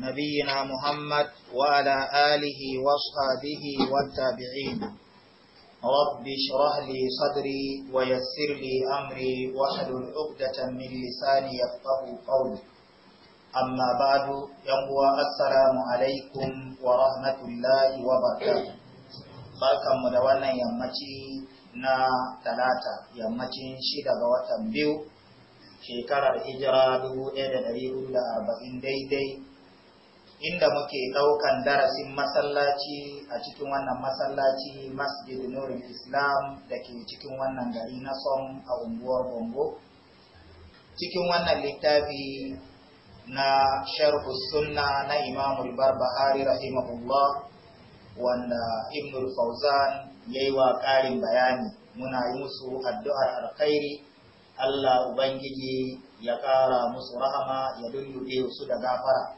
نبينا محمد وعلى آله وصحبه والتابعين رب اشرح لي صدري ويسر لي أمري واحلل عقدة من لساني يفقه قولي أما بعد يقوى السلام عليكم ورحمة الله وبركاته barkan mu da wannan yammaci na talata yammacin shida ga watan biyu shekarar hijira 1440 daidai inda muke ɗaukan darasin masallaci a cikin wannan masallaci masjid nurin islam da ke cikin wannan gari na son a unguwar bongo cikin wannan littafi na sharhu sunna na imamul barbahari rahimahullah wanda ibnul fauzan ya yi wa ƙarin bayani muna yi musu addu'ar alkhairi allah ubangiji ya ƙara musu rahama ya lullube su da gafara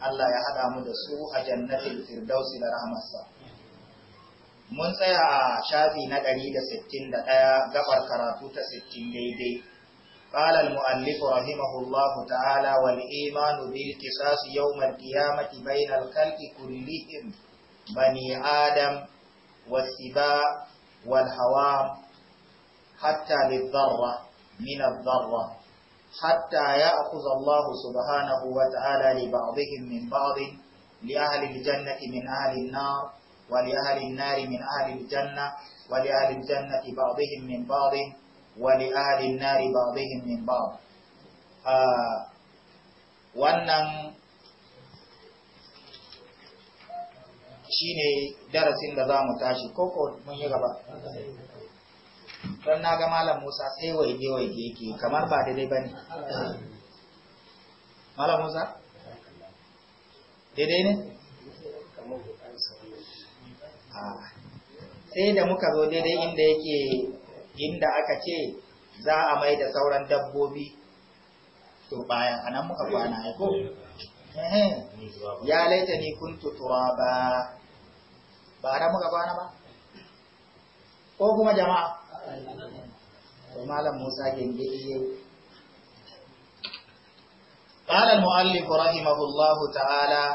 Allah ya haɗa mu da su a jannatin firdausi da rahamarsa. Mun tsaya a shafi na ɗari da sittin da ɗaya gabar karatu ta sittin daidai. قال المؤلف رحمه الله تعالى والإيمان بالقصاص يوم القيامة بين الخلق كلهم بني آدم والسباع والهوام حتى للذرة من الذرة hatta ya akuza Allah subhanahu wa ta'ala li ba'dihim min ba'd li ahli al-jannati min ahli an-nar wa li ahli an-nar min ahli janna wa min wannan shine darasin da za mu tashi koko mun yi gaba don na ga malam musa sai waige waige yake kamar ba daidai ba ne malam musa daidai ne ah. sai da muka zo daidai inda yake inda aka ce za a mai da sauran dabbobi to bayan anan muka kwana ko ya laita ni kun tutuwa ba nan muka kwana ba ko kuma jama'a to malam Musa gengede قال المؤلف رحمه الله تعالى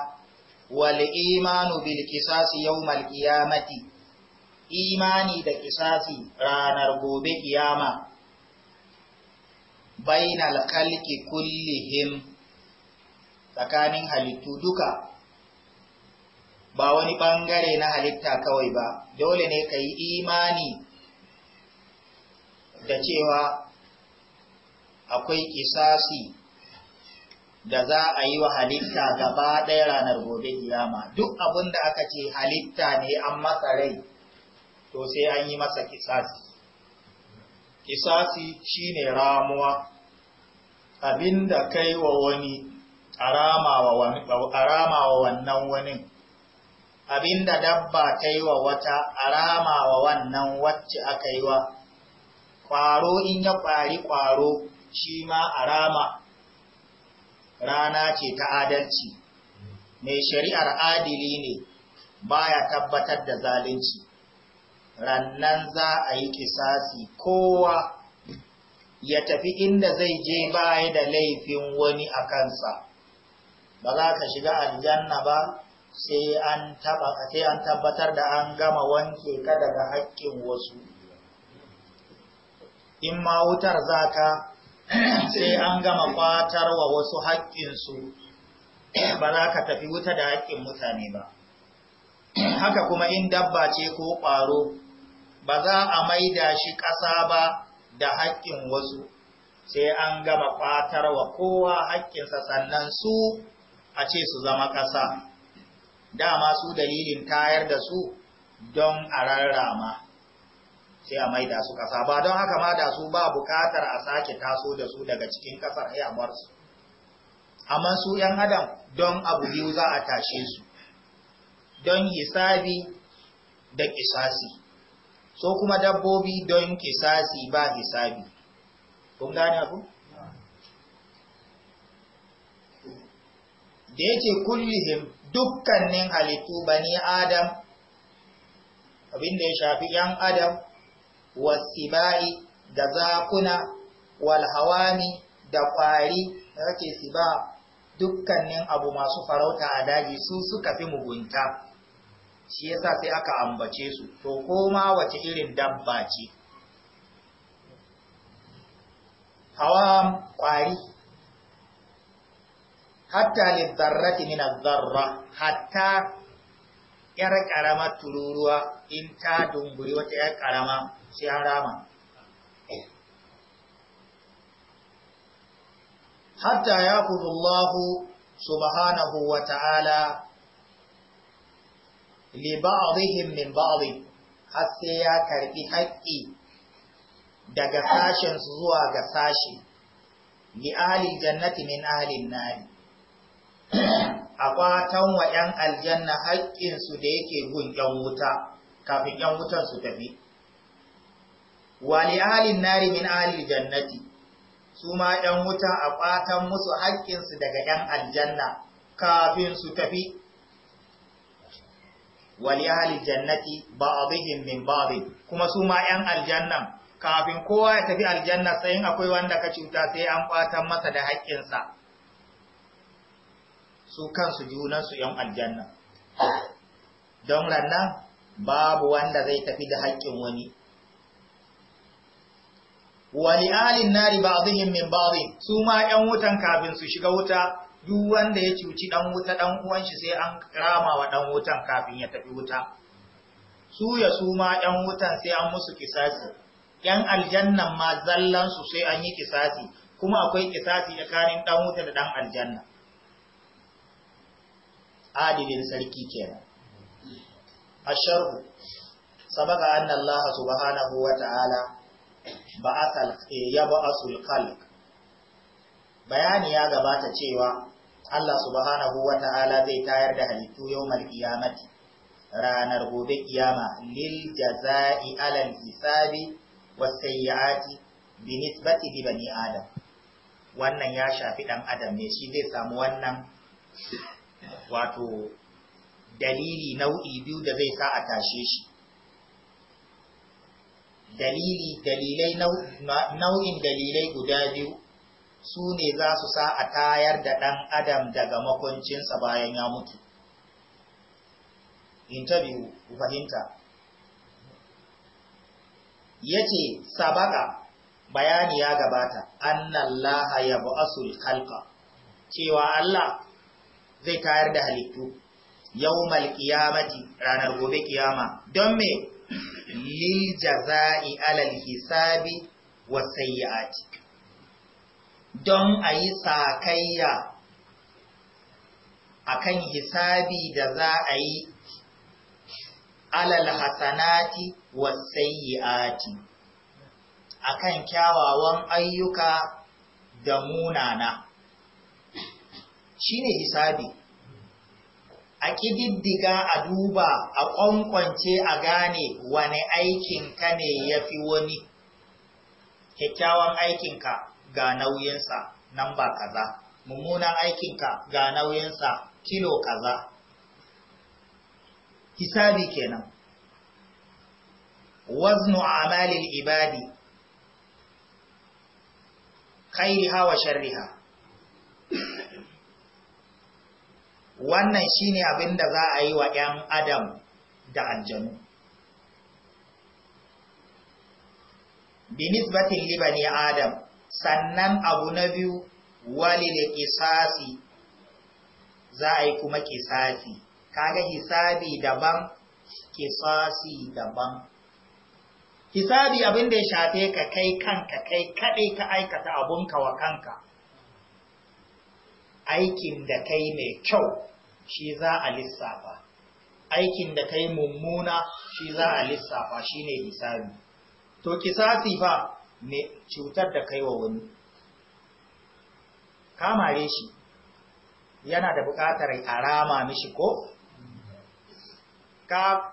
والإيمان بالقصاص يوم القيامة imani da kisasi ranar gobe kiyama bainal khalqi kullihim tsakanin halittu duka ba wani ɓangare na halitta kawai ba dole ne ka yi imani da cewa akwai kisasi da za a yi wa halitta gaba ɗaya ranar gobe kiyama duk abin da aka ce halitta ne an masa rai to sai an yi masa kisasi kisasi shine ramuwa abin da kai wa wani a wa wannan wani abin da dabba ta yi wa wata a wa wannan wacce aka yi wa ƙwaro in ya ƙwari ƙwaro shi ma a rama rana ce ta adalci mai shari'ar adili ne Ba ya tabbatar da zalunci rannan za a yi kisasi kowa ya tafi inda zai je baya da laifin wani a kansa ba za ka shiga aljanna ba sai an tabbatar da an gama wanke ka daga haƙƙin wasu in ma wutar za ka sai an gama kwatar wa wasu haƙƙinsu ba za ka tafi wuta da haƙƙin mutane ba haka kuma in dabba ce ko ƙwaro ba za a maida shi ƙasa ba da haƙƙin wasu sai an gama kwatar wa kowa haƙƙinsa sannan su a ce su zama ƙasa dama su dalilin tayar da su don a rarrama sai a maida su kasa ba don haka ma da su ba bukatar a sake taso da su daga cikin kasar ai eh, a bar su amma su yan adam don abu biyu za a tashe su don hisabi da kisasi so kuma dabbobi don kisasi ba hisabi kun gane abu da yake kullihim dukkanin halittu bani adam abin da ya shafi yan adam wasibai da zakuna walhawami da kwari da kake siba dukkanin abu masu farauta a daji su suka fi mugunta shi yasa sai aka ambace su to koma wace irin dabba ce hawa kwari hatta lizzarrati min azzarra hatta yar ƙarama tururuwa in ta dunguri wata yar karama sai an hatta ya subhanahu wa ta'ala liba'adihim min ba'adihim har sai ya karɓi haƙƙi daga sashensu zuwa ga sashi li jannati min ali nari a kwatan wa ‘yan aljanna su da yake gun ‘yan wuta kafin ‘yan wutan su tafi wali ahalin nari min ahalil jannati su ma ‘yan wuta a ƙwatan musu haƙƙinsu daga ‘yan aljanna kafin su tafi wali ahalil jannati ba abihin min babin kuma su ma ‘yan aljannan kafin kowa ya tafi aljanna sai akwai wanda ka cuta sai an ƙwatan masa da haƙƙinsa su kansu junansu ‘yan aljanna don rannan babu wanda zai tafi da haƙƙin wani wa li'alin nari ba'dihim min ba'dhin su ma 'yan wutan kafin su shiga wuta duk wanda ya cuci dan wuta dan uwan shi sai an rama wa dan wutan kafin ya tafi wuta su ya su ma yan wutan sai an musu kisasi 'yan aljannan ma zallan su sai an yi kisasi kuma akwai kisasi tsakanin dan wuta da dan aljanna adilin sarki kenan sharhu, sabaka anna Allah subhanahu wa ta'ala Eh, ya ba'asul khalq bayani ya gabata cewa Allah subhanahu wa ta'ala zai tayar da halittu yawmal qiyamati ranar gobe kiyama lil jazai alal hisabi was sayyiati bi nisbati bi bani adam wannan ya shafi dan adam ne shi zai samu wannan wato dalili nau'i biyu da zai sa a tashe shi dalili dalilai nau'in dalilai guda biyu su ne za su sa a tayar da ɗan adam daga makoncinsa bayan ya mutu interview fahimta ya ce sabaka bayani ya gabata annallaha ya bu'asul khalqa cewa Allah zai tayar da halittu yau malkiyamati ranar gobe kiyama don me lil jaza'i alal hisabi wa sayyi'ati don a yi sakayya akan hisabi da za a yi alal hasanati wa A akan kyawawan ayyuka da munana shine hisabi a ƙididdiga a duba a ƙwanƙwance a gane wani ka ne ya fi wani kyakkyawan aikinka ga nauyinsa nan ba kaza mummunan aikinka ga nauyinsa kilo kaza hisabi kenan waznu amalil ibadi khairiha wa sharriha wannan shine abin da za a yi wa ‘yan adam da aljanu liba libani adam sannan abu na biyu wali da kisasi za a yi kuma kisasi kaga hisabi daban kisasi daban hisabi abin da ya shafe ka kai kanka kai kaɗai ka aikata abunka wa kanka aikin da kai mai kyau shi za a lissafa aikin da kai mummuna shi za a lissafa shi ne hisabi to kisasi fa ne cutar da kai wa wani kamare shi yana da buƙatar a rama mishi ko ka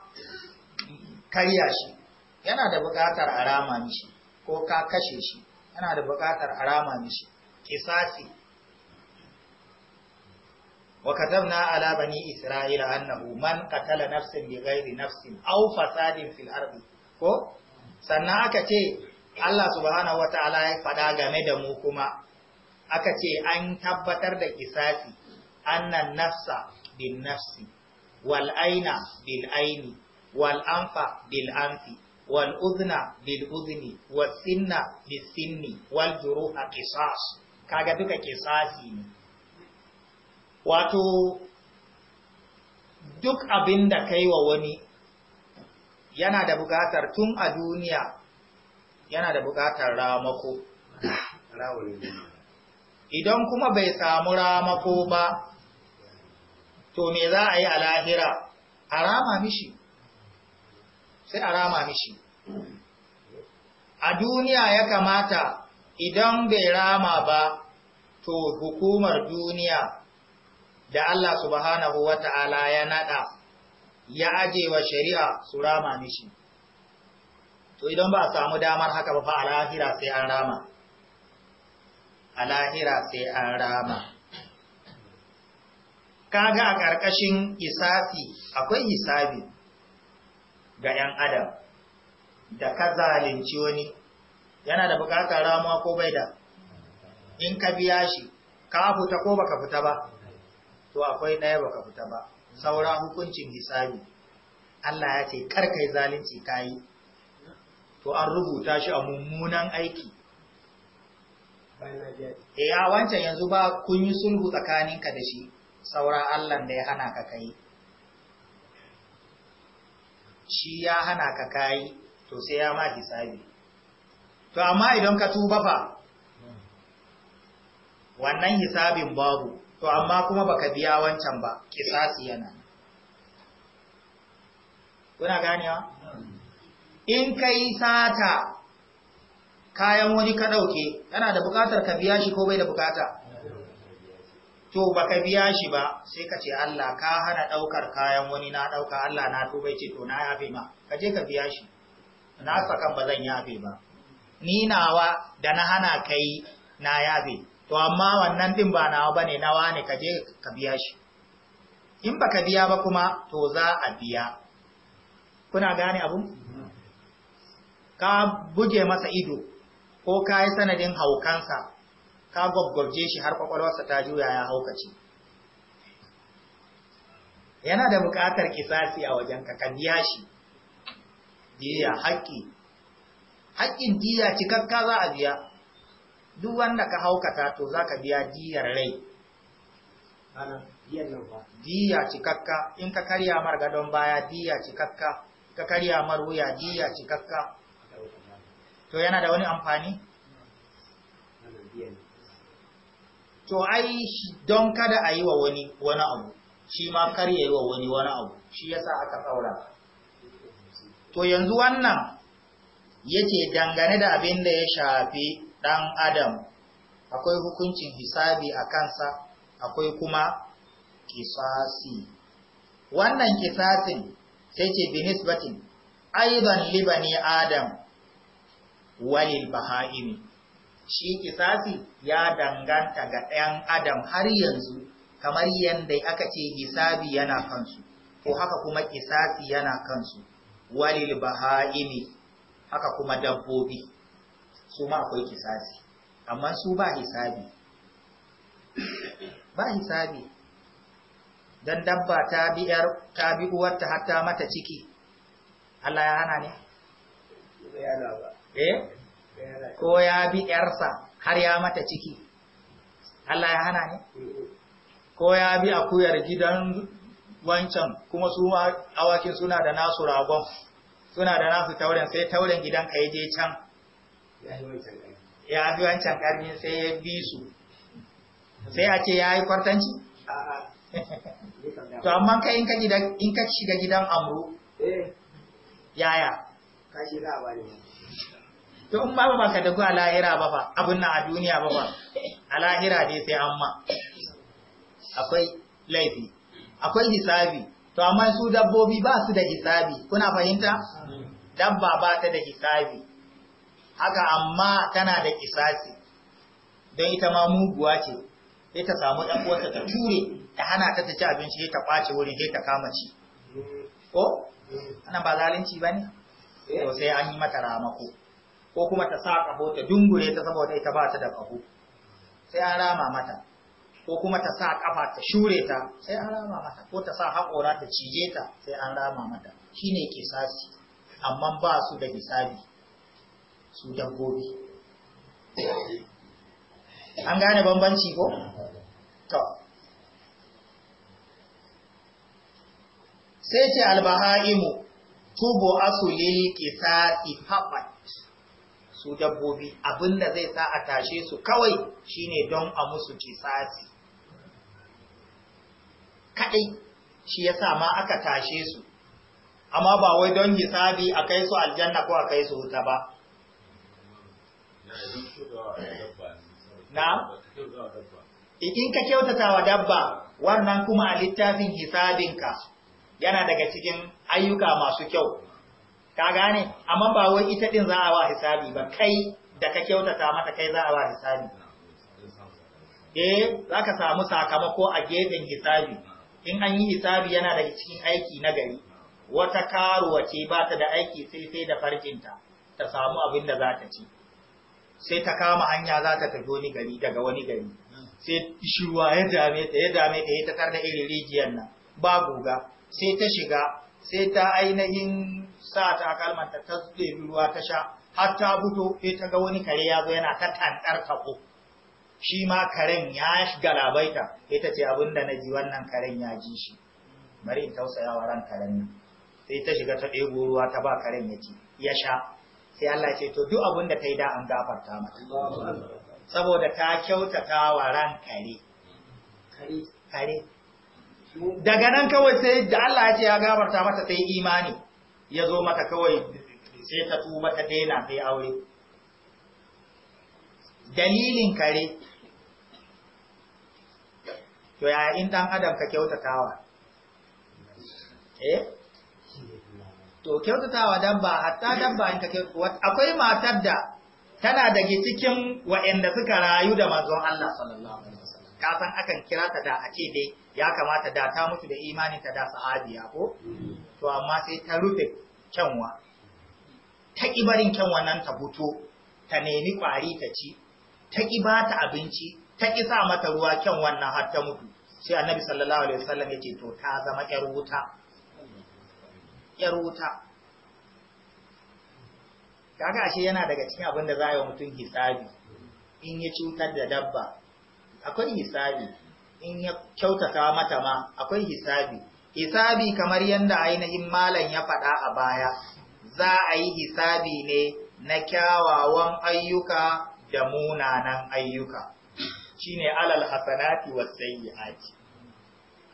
karya shi yana da buƙatar a rama mishi ko ka kashe shi yana da buƙatar a rama mishi kisasi wa na alaba bani isra'ila annahu man qatala nafsan bighairi nafsin aw fasadin fil ko sannan aka ce Allah subhanahu wataala ya faɗa game da mu kuma aka ce an tabbatar da kisasi annan nafsa bin nafsi wal aina bil aini wal anfa bil anfi wal udhna bil udhni was sinna bis sinni wal juruha qisas kaga duka kisasi ne wato duk abin da kai wa wani yana da buƙatar tun a duniya yana da buƙatar ramako idan kuma bai samu ramako ba to me za a yi a lahira a rama mishi sai a rama mishi a duniya ya kamata idan bai rama ba to hukumar duniya da Allah subhanahu wa ta'ala ya nada ya aje wa shari'a su rama nishi. To idan ba a samu damar haka ba fa a lahira sai an rama. A lahira sai an rama. Kaga a ƙarƙashin isafi akwai hisabi ga ‘yan adam da ka zalunci wani yana da buƙatar ramuwa ko bai da in ka biya shi ka fita ko baka fita ba. to akwai ɗaya baka fita ba saura hukuncin hisabi Allah ya ce kar zalunci kayi to an rubuta shi a mummunan aiki e a wancan yanzu ba kun yi sulhu tsakaninka da shi saura Allah da ya hana ka kai shi ya hana ka kai to sai ya ma hisabi to amma idan ka tuba fa wannan hisabin babu to amma kuma baka biya wancan ba kisasi yana kuna ganewa in kai sata kayan wani ka dauke kana da bukatar ka biya shi ko bai da bukata to baka biya shi ba sai ka ce Allah ka hana daukar kayan wani na dauka Allah na bai ce to na yafe ma ka je ka biya shi na sakan ba zan yafe ba ni nawa da na hana kai na yafe to amma wannan din ba nawa bane nawa ne kaje ka biya shi in baka biya ba kuma to za a biya kuna gane abu ka buge masa ido ko ka yi sanadin haukansa ka gwaggwabje shi har kwakwalwarsa ta juya ya haukaci yana da bukatar kisasi a wajen ka biya shi diya haƙƙi haƙƙin diya cikakka za a biya duk wanda ka haukata to za ka biya diyar rai diya cikakka in ka karya mar gadon baya diya cikakka ka karya mar wuya diya cikakka to yana da wani amfani to ai don kada a yi wa wani wani abu shi ma karya yi wa wani wani abu shi ya sa aka tsaura to yanzu wannan yake dangane da abin da ya shafi ɗan adam akwai hukuncin hisabi a kansa akwai kuma kisasi wannan kisasin sai ce binisbatin aidan libani adam walil baha'imi shi kisasi ya danganta ga ɗan adam har yanzu kamar yadda aka ce hisabi yana kansu ko haka kuma kisasi yana kansu walil baha'imi haka kuma dabbobi su ma akwai kisasi amma su ba hisabi ba hisabi don dabba ta biyar ta bi uwarta hatta mata ciki Allah ya hana ne? eh ko ya bi yarsa har ya mata ciki Allah ya hana ne? ko ya bi akuyar gidan wancan kuma su awakin suna da nasu ragon suna da nasu tauren sai tauren gidan ka je can ya bi wancan karni sai ya bi su sai a ce ya yi kwartanci to amma kai in ka shiga gidan amru eh. yaya ka shiga ne to in ba ba ka dagu a lahira ba ba abin nan a duniya ba ba a lahira ne sai an ma akwai laifi akwai hisabi to amma su dabbobi ba su da hisabi kuna fahimta mm. dabba ba ta da hisabi haka amma tana da kisasi don ita ma muguwa ce sai ta samu ɗan uwarta ta ture ta hana ta ta ci abinci sai ta kwace wurin sai ta kama ci ko ana ba zalunci ba ne to sai an yi mata ramako ko kuma ta sa ƙaho ta dungure ta saboda ita ba ta da ƙaho sai an rama mata ko kuma ta sa ƙafa ta shure ta sai an rama mata ko ta sa haƙora ta cije ta sai an rama mata shine kisasi amma ba su da hisabi su dabbobi an gane bambanci ko? to sai ce albaha'imu tubo asulil kisa, ifafat su dabbobi abinda zai sa a tashe su kawai shine don a musu kisasi kaɗai shi ya sa ma aka tashe su amma ba wai don hisabi a kai su aljanna ko a kai su wuta ba na in ka kyautata wa dabba wannan kuma a littafin hisabinka yana daga cikin ayyuka masu kyau ka gane amma ba wai ita din za a wa hisabi ba kai da ka kyautata mata kai za a wa hisabi eh za ka samu sakamako a gefen hisabi in an yi hisabi yana daga cikin aiki na gari wata karuwa ce ba ta da aiki sai sai da farkinta ta samu abin da za ta ci sai ta kama hanya za ta tafi wani gari daga wani gari hmm. sai shirwa ya dame ta ya dame ta ya takar irin rijiyar nan ba guga sai ta shiga sai ta ainihin sa ta kalmanta ta zube ruwa ta sha har ta fito sai ta ga wani kare ya zo yana ta tantar kafo shi ma karen ya galabaita ita ce abin da na ji wannan karen ya ji shi bari in tausaya wa ran karen nan sai ta shiga ta ɗebo ruwa ta ba karen ya ci ya sha sai Allah ce to duk abin da ta yi da an gafarta mata saboda ta kyautata wa ran kare kare daga nan kawai sai da Allah ce ya gafarta mata sai imani ya zo mata kawai sai ta tuba ta daina sai aure dalilin kare to ya in dan adam ka kyautatawa eh to kyautatawa dabba hatta dabba in ka akwai matar da tana daga cikin wa'anda suka rayu da manzon Allah sallallahu alaihi wasallam ka akan kira ta da ake dai ya kamata da ta mutu da imani ta da sahabiya ko to amma sai ta rufe kyanwa ta kibarin kyanwa nan ta fito ta nemi kwari ta ci ta kibata abinci ta kisa sa mata ruwa kyanwan nan har ta mutu sai annabi sallallahu alaihi wasallam ya ce to ta zama yar wuta 'yar wuta kaga ashe yana daga cikin abin da za a yi wa mutum hisabi in ya cutar da dabba akwai hisabi in ya kyautata mata ma akwai hisabi hisabi kamar yadda ainihin malam ya faɗa a baya za a yi hisabi ne na kyawawan ayyuka da munanan ayyuka shine alal hasanati was sayyiati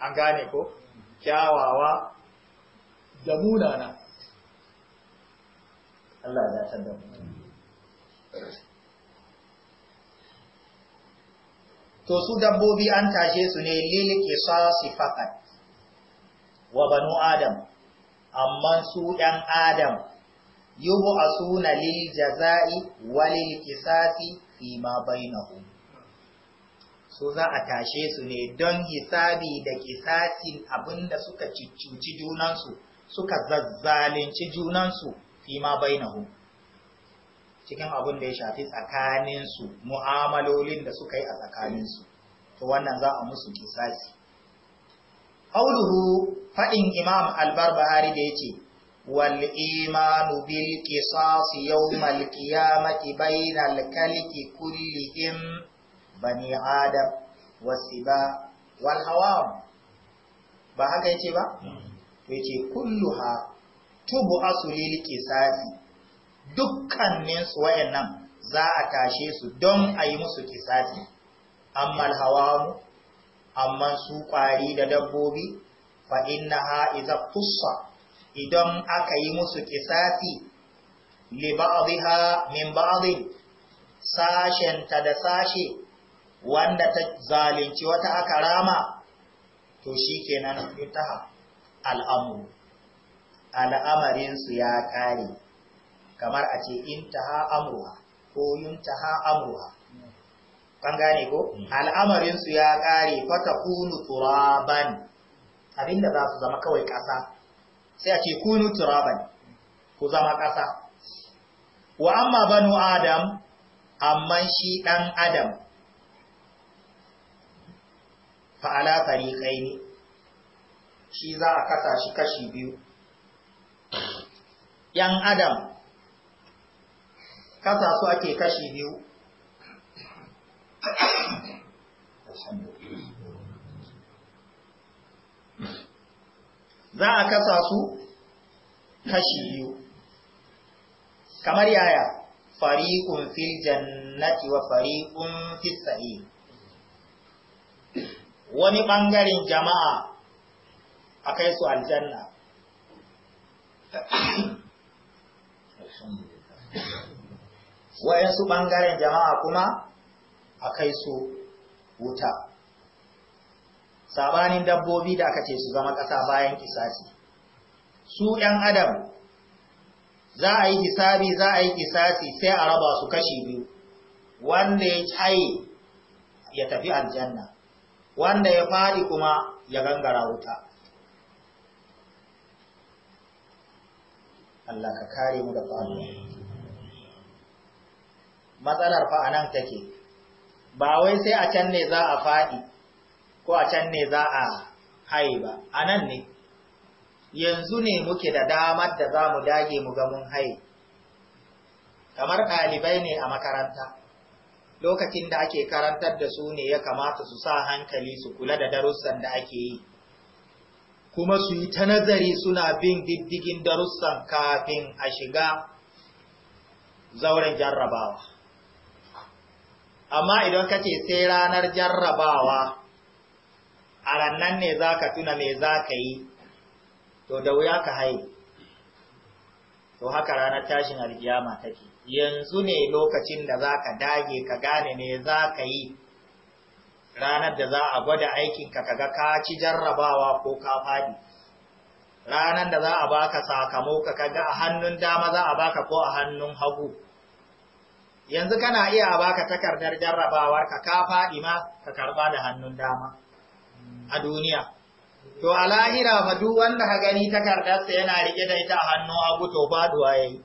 an gane ko kyawawa da munana Allah ya to su dabbobi an tashe su ne lil qisasi faqat wa banu adam amma su ɗan adam yubu asuna lil jazai walil qisasi fi ma bainahu su za a tashe su ne don hisabi da kisasin abinda suka ciccuci junansu suka zazzalinci junansu fi ma bainahu cikin abin da ya shafi tsakaninsu mu'amalolin da suka yi a tsakaninsu to wannan za a musu kisasi qauluhu fadin imam al-barbahari da yace wal imanu bil qisas yawm qiyamati bayna al kalki kullihim bani adam wasiba wal hawam ba haka yace ba hmm. yace kulluha tubu asuli liqisasi dukkanin su wayannan za a tashe su don a yi musu kisasi amma hawamu amma su kwari da dabbobi fa ha idza idan aka yi musu kisasi li ba'dha min ba'd sashen ta da sashe wanda ta zalunci wata aka rama to shikenan haka al'amuru al'amarinsu ya ƙare kamar a ce in ta ha'amurwa ko yin ta ha'amurwa kan gane ko hmm. al'amarinsu ya ƙare fata kunu turaban abinda za su zama kawai ƙasa sai a ce kunu turaban ku zama ƙasa wa amma banu adam amma shi ɗan adam fa'ala fariƙai ne shi za a kasa shi kashi biyu ‘yan adam kasa su ake kashi biyu za a kasa su kashi biyu kamar yaya fariƙun fil jannati wa fariƙun fis sa'i wani bangaren jama'a a kai su aljanna wayansu ɓangaren jama'a kuma a kai su wuta sabanin dabbobi da aka ce su zama ƙasa bayan kisasi su ‘yan adam za a yi hisabi za a yi kisasi sai a raba su kashi biyu wanda ya caye ya tafi aljanna wanda ya faɗi kuma ya gangara wuta Allah ka kare mu da faɗuwa matsalar fa anan take ba wai sai a can ne za a faɗi ko a can ne za a haye ba anan ne yanzu ne muke da damar da za mu dage mu ga haye kamar ɗalibai ne a makaranta lokacin da ake karantar da su ne ya kamata su sa hankali su kula da darussan da ake yi kuma su yi ta nazari suna bin diddigin darussan kafin a shiga zauren jarrabawa amma idan ka ce sai ranar jarrabawa a rannan ne za ka tuna me za ka yi to da wuya ka haihu to haka ranar tashin aljiyama take yanzu ne lokacin da za ka dage ka gane me za ka yi ranar da za a gwada aikinka kaga ka ci jarrabawa ko ka faɗi ranar da za a baka sakamako kaga a hannun dama za a baka ko a hannun hagu yanzu kana iya a baka takardar jarrabawar ka ka faɗi ma ka karba da hannun dama a duniya to a lahira fa duk wanda ka gani takardarsa yana rike da ita a hannun hagu to faduwa yayi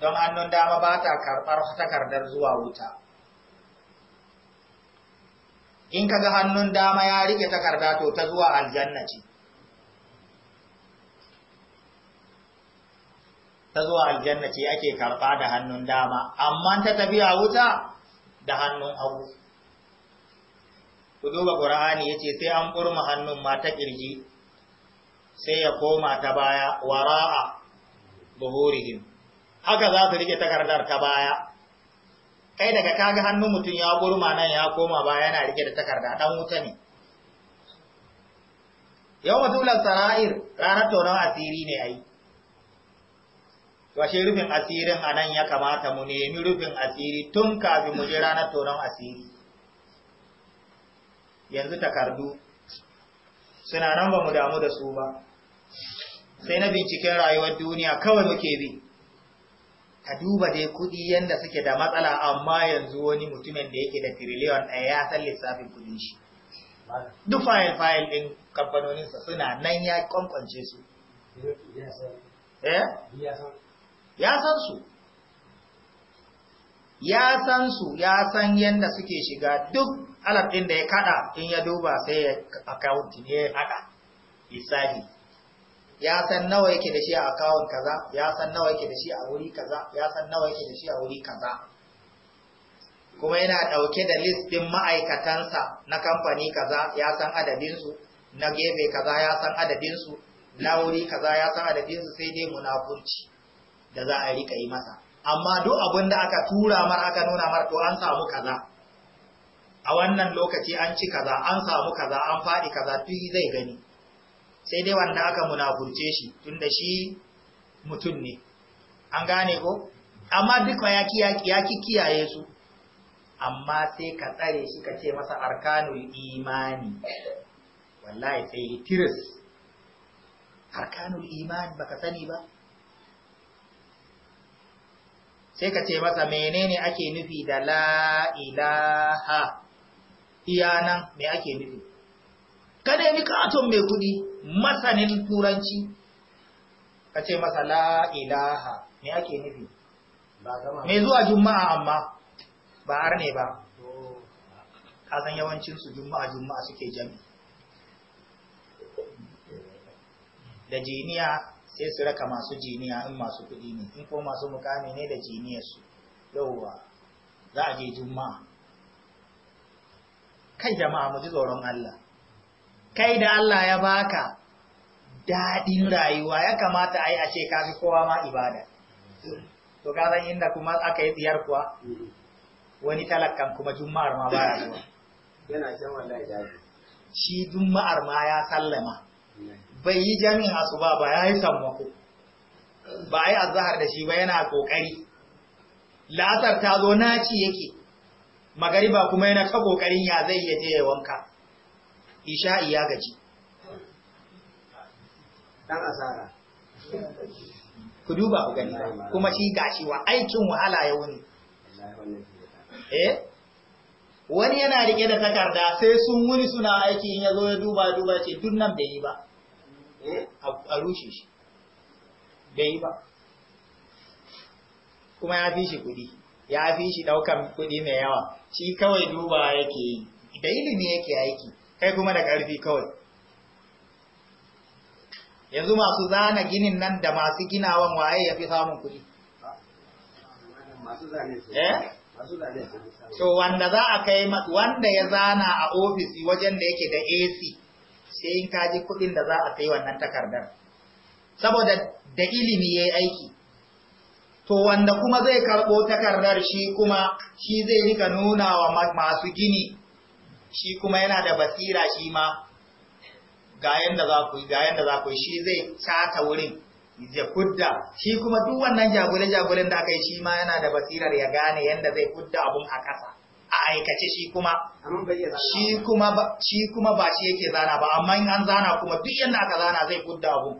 don hannun dama ba ta karɓar takardar zuwa wuta in kaga hannun dama ya riƙe takarda to ta zuwa aljanna ce ta zuwa aljanna ce ake karba da hannun dama amma ta tafiya wuta da hannun hagu ku duba qur'ani yace sai an kurma hannun ma ta kirji sai ya koma ta baya wara'a buhurihim haka za su rike takardar ta baya kai daga kaga hannun mutum ya gurma nan ya koma ba yana rike da takarda dan wuta ne yau matulan sara'ir ranar tonon asiri ne ai washe rufin asirin a nan ya kamata mu nemi rufin asiri tun kafin mu je ranar tonon asiri yanzu takardu suna nan ba mu damu da su ba sai na binciken rayuwar duniya kawai muke bi A duba dai kuɗi yanda suke da matsala amma yanzu wani mutumin da yake da trillion ɗaya ya san lissafin kuɗin shi duk fayil fayil ɗin kamfanoninsa suna nan ya kwankwance su eh? ya san su ya san su ya san yadda suke shiga duk alaf ɗin da ya kada in ya duba sai ya account ne ya haɗa lissafi ya san nawa yake da shi a akawun kaza ya san nawa yake da shi a wuri kaza ya san nawa yake da shi a wuri kaza kuma yana ɗauke da list ɗin ma'aikatansa na kamfani kaza ya san adadinsu na gefe kaza ya san adadinsu na wuri kaza ya san adadinsu sai dai munafurci da za a rika yi masa amma duk abin da aka tura mar aka nuna mar to an samu kaza a wannan lokaci an ci kaza an samu kaza an faɗi kaza duk zai gani sai dai wanda aka munafurce shi tunda shi mutum ne an gane ko amma duka ya ki kiyaye su amma sai ka tsare shi ka ce masa arkanul imani wallahi sai tiris arkanul imani baka sani ba sai ka ce masa menene ake nufi da la ilaha iyanan me ake nufi ka nemi katon mai kuɗi masanin turanci ka ce masa la ilaha me ake nufi mai zuwa juma'a amma ba har ne ba san yawancinsu juma'a juma'a suke jami da jiniya sai su raka masu jiniya in masu kuɗi ne in ko masu mukami ne da jiniyarsu yauwa za a je juma'a kai jama'a mu ji tsoron Allah kai da Allah ya baka daɗin rayuwa ya kamata a yi a ce kafi kowa ma ibada to san inda kuma aka yi tsiyar kuwa wani talakkan kuma juma'ar ma ba ya zuwa yana can wallahi daji shi juma'ar ma ya sallama bai yi jami'in asuba ba ya yi sammako ba a yi azahar da shi ba yana kokari la'asar ta zo naci yake magariba kuma yana ta kokarin ya zai iya je ya wanka isha'i ya gaji dan asara ku duba ku gani kuma shi gashi wa aikin wahala ya wuni eh wani yana rike da takarda sai sun wuni suna aiki in yazo ya duba duba ce duk nan bai yi ba eh a rushe shi bai yi ba kuma ya fi shi kudi ya fi shi daukan kudi mai yawa shi kawai duba yake yi da ilimi yake aiki kai kuma da ƙarfi kawai yanzu masu zana ginin nan da masu ginawan waye ya fi samun kuɗi eh? to wanda za a kai wanda ya zana a ofisi wajen da yake da ac sai in kaji kuɗin da za a kai wannan takardar saboda da ilimi ya yi aiki to wanda kuma zai karɓo takardar shi kuma shi zai rika nuna wa masu gini shi kuma yana da basira shi ma ga yanda za ku yi ga yanda za ku yi shi zai cata wurin ya kudda shi kuma duk wannan jagule jagulen da aka yi shi ma yana da basirar ya gane yanda zai kudda abun a ƙasa a aikace shi kuma shi kuma shi kuma ba shi yake zana ba amma in an zana kuma duk yanda aka zana zai kudda abun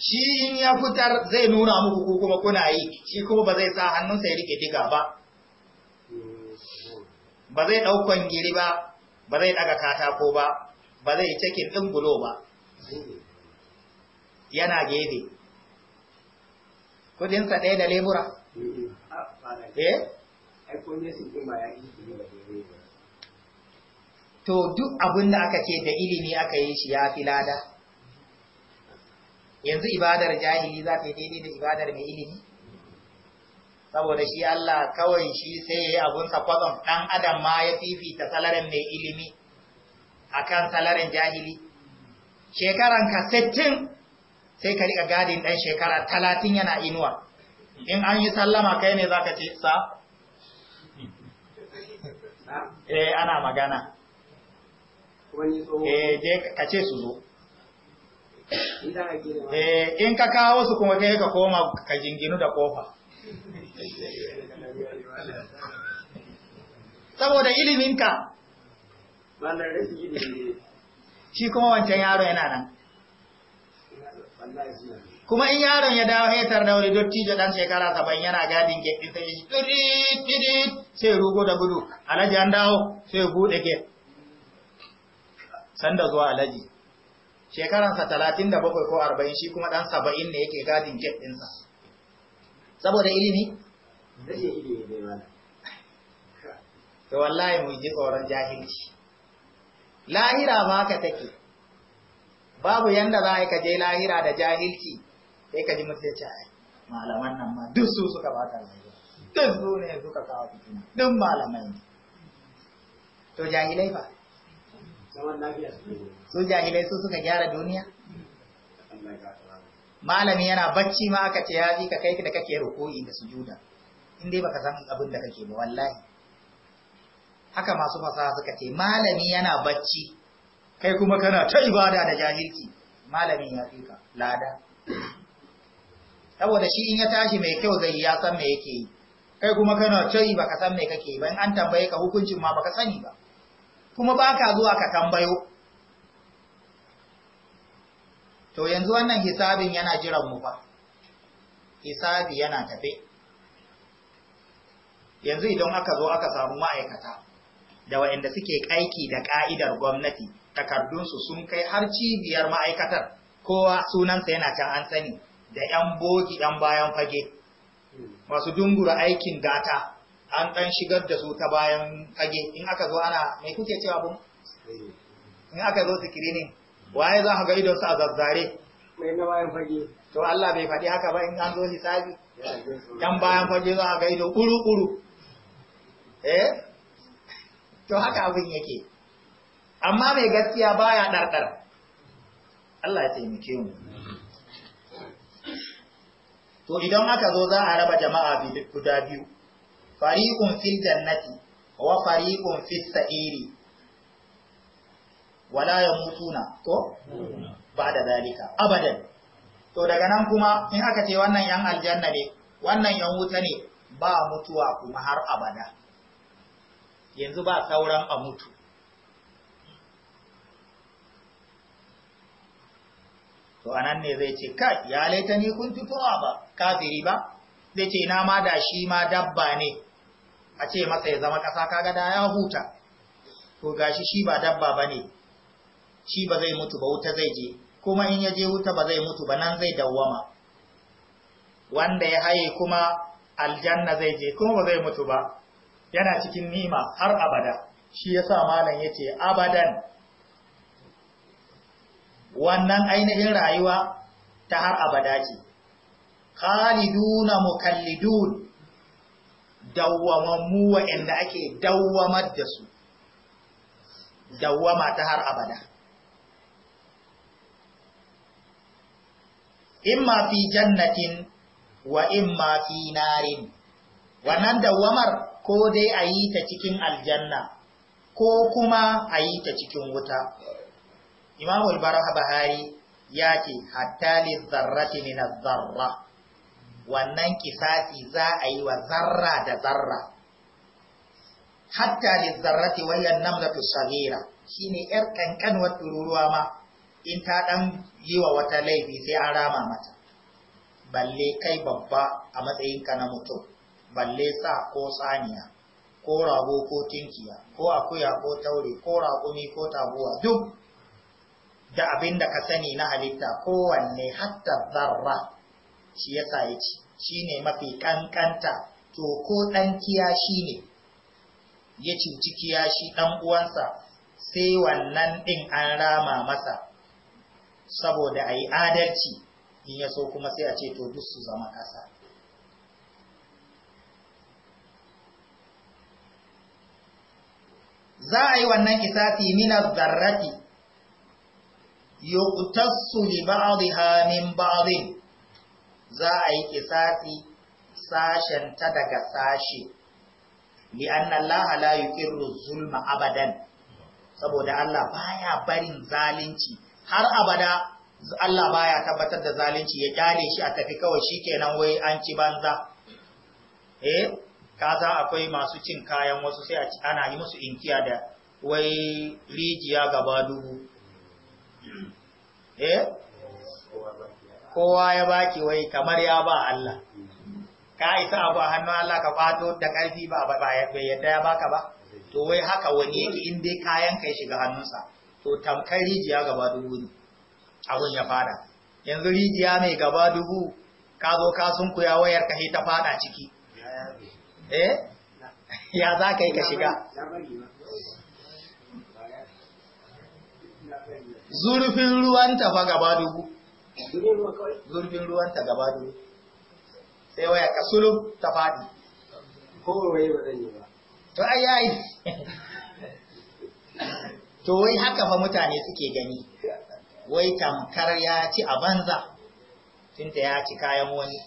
shi in ya fitar zai nuna muku ko kuma kuna yi shi kuma ba zai sa hannunsa ya rike diga ba ba zai ɗaukan giri ba ba zai ɗaga katako ba ba zai cikin ɗin ba yana gefe kudinsa ɗaya da lebura eh? to duk abin da aka ce da ilimi aka yi shi ya fi lada yanzu ibadar jahili za ta yi daidai da ibadar mai ilimi saboda shi Allah kawai shi sai ya yi abunsa kwatsam ɗan adam ma ya fifita salarin mai ilimi a kan salarin jahili shekaran ka sittin sai ka riƙa gadin ɗan shekara talatin yana inuwa in an yi sallama kai ne za ka ce sa eh ana magana eh ka ce su zo eh, in ka kawo su kuma kai ka koma ka jinginu da kofa saboda iliminka shi kuma wancan yaro yana nan kuma in yaron ya dawo hetar da wani dottijo dan shekara saba'in yana gadin sai shi yi tiri sai rugo da gudu alaji an dawo sai bude gate sanda zuwa alaji shekaransa talatin da bakwai ko arba'in shi kuma dan saba'in ne yake gadin gate ɗinsa saboda ilimi? Rashin ilimi ne mana. To wallahi mu ji tsoron jahilci. Lahira ba ka take, babu yanda za ka je lahira da jahilci, sai ka ji mutum ce ai, malaman nan ma duk su suka baka rayuwa, duk su ne suka kawo fitina, duk malamai ne. To jahilai ba? Su jahilai su suka gyara duniya? malami yana bacci ma aka ce ya ji ka kai da kake ruku'i da sujuda in dai baka san abin da kake ba wallahi haka masu fasaha suka ce malami yana bacci kai kuma kana ta ibada da jahilci malamin ya fika. lada saboda shi in ya tashi mai kyau zai ya san me yake yi kai kuma kana ta baka san me kake yi ba in an tambaye ka hukuncin ma baka sani ba kuma baka zuwa ka tambayo to yanzu wannan hisabin yana jiran mu fa hisabi yana tafe yanzu idan aka zo aka samu ma'aikata da waɗanda suke aiki da ƙa'idar gwamnati takardunsu sun kai har cibiyar ma'aikatar kowa sunansa yana can an sani da 'yan bogi 'yan bayan fage masu dungura aikin gata an ɗan shigar da su ta bayan fage in aka zo ana mai kuke cewa bun in aka zo sikirinin waye za ka ga idonsu a zazzare mai na bayan fage to Allah bai faɗi haka ba in an zo hisabi dan bayan fage za ka ga idon kuru-kuru eh to haka abin yake amma mai gaskiya baya ɗarɗar Allah ya taimake mu to idan aka zo za a raba jama'a guda biyu fariqun fil jannati wa fariqun fis sa'iri wala ya mutuna ko ba da dalika abadan to daga nan kuma in aka ce wannan yan aljanna ne wannan yan wuta ne ba mutuwa kuma har abada yanzu ba sauran a mutu to anan ne zai ce ka ya laita ni kun tutuwa ba kafiri ba zai ce na ma da shi ma dabba ne a ce masa ya zama ƙasa kaga da ya huta to gashi shi ba dabba ba ne shi ba zai mutu ba wuta zai je kuma in ya je wuta ba zai mutu ba nan zai dawwama wanda ya haye kuma aljanna zai je kuma ba zai mutu ba yana cikin nima har abada shi yasa malam yace abadan wannan ainihin rayuwa ta har abada ce khaliduna mukallidun dawwamammu wa'anda ake dawwamar da su dawwama ta har abada imma fi jannatin wa imma fi narin wannan dawamar ko dai a yi ta cikin aljanna ko kuma a yi ta cikin wuta imamul baraha bahari ya ce hatta li min zarra wannan kisasi za a yi wa zarra da zarra hatta li zarrati wayan namlatu saghira shine yar kankanuwar tururuwa ma in ta ɗan yi wa wata laifi sai an rama mata balle kai babba a matsayinka na mutum balle sa ko saniya ko rago ko tinkiya ko akuya ko taure ko raƙumi ko taguwa duk da abin da ka sani na halitta kowanne hatta zarra shi ya sa shi ne mafi ƙanƙanta to ko ɗan kiyashi ne ya cuci kiyashi ɗan uwansa sai wannan ɗin an rama masa saboda a yi adalci in ya so kuma sai a ce to duk su zama ƙasa za a yi wannan kisasi mina zarrati yuqtassu li ha min ba'dhin za a yi isasi sashen ta daga sashe li anna la yuqirru zulma abadan saboda Allah baya barin zalunci har abada Allah baya tabbatar da zalunci ya kyale shi a tafi kawai shi kenan wai an ci banza eh kaza akwai masu cin kayan wasu sai a ci ana yi musu inkiya da wai rijiya gaba dubu eh kowa ya baki wai kamar ya ba Allah ka isa abu a hannun Allah ka fato da ƙarfi ba ba yadda ya baka ba to wai haka wani yake in dai kayan kai shiga hannunsa to tamkai rijiya gaba dubu ne abun ya fada yanzu rijiya mai gaba dubu ka zo ka sunkuya wayar ka ta fada ciki eh ya za ka yi ka shiga zurfin ruwanta fa gaba dubu zurfin ruwanta gaba dubu sai waya ka sulub ta fadi ko wai ba zan yi ba to ai ayi to wai haka fa mutane suke gani wai tamkar ya ci a banza tinta ya ci kayan wani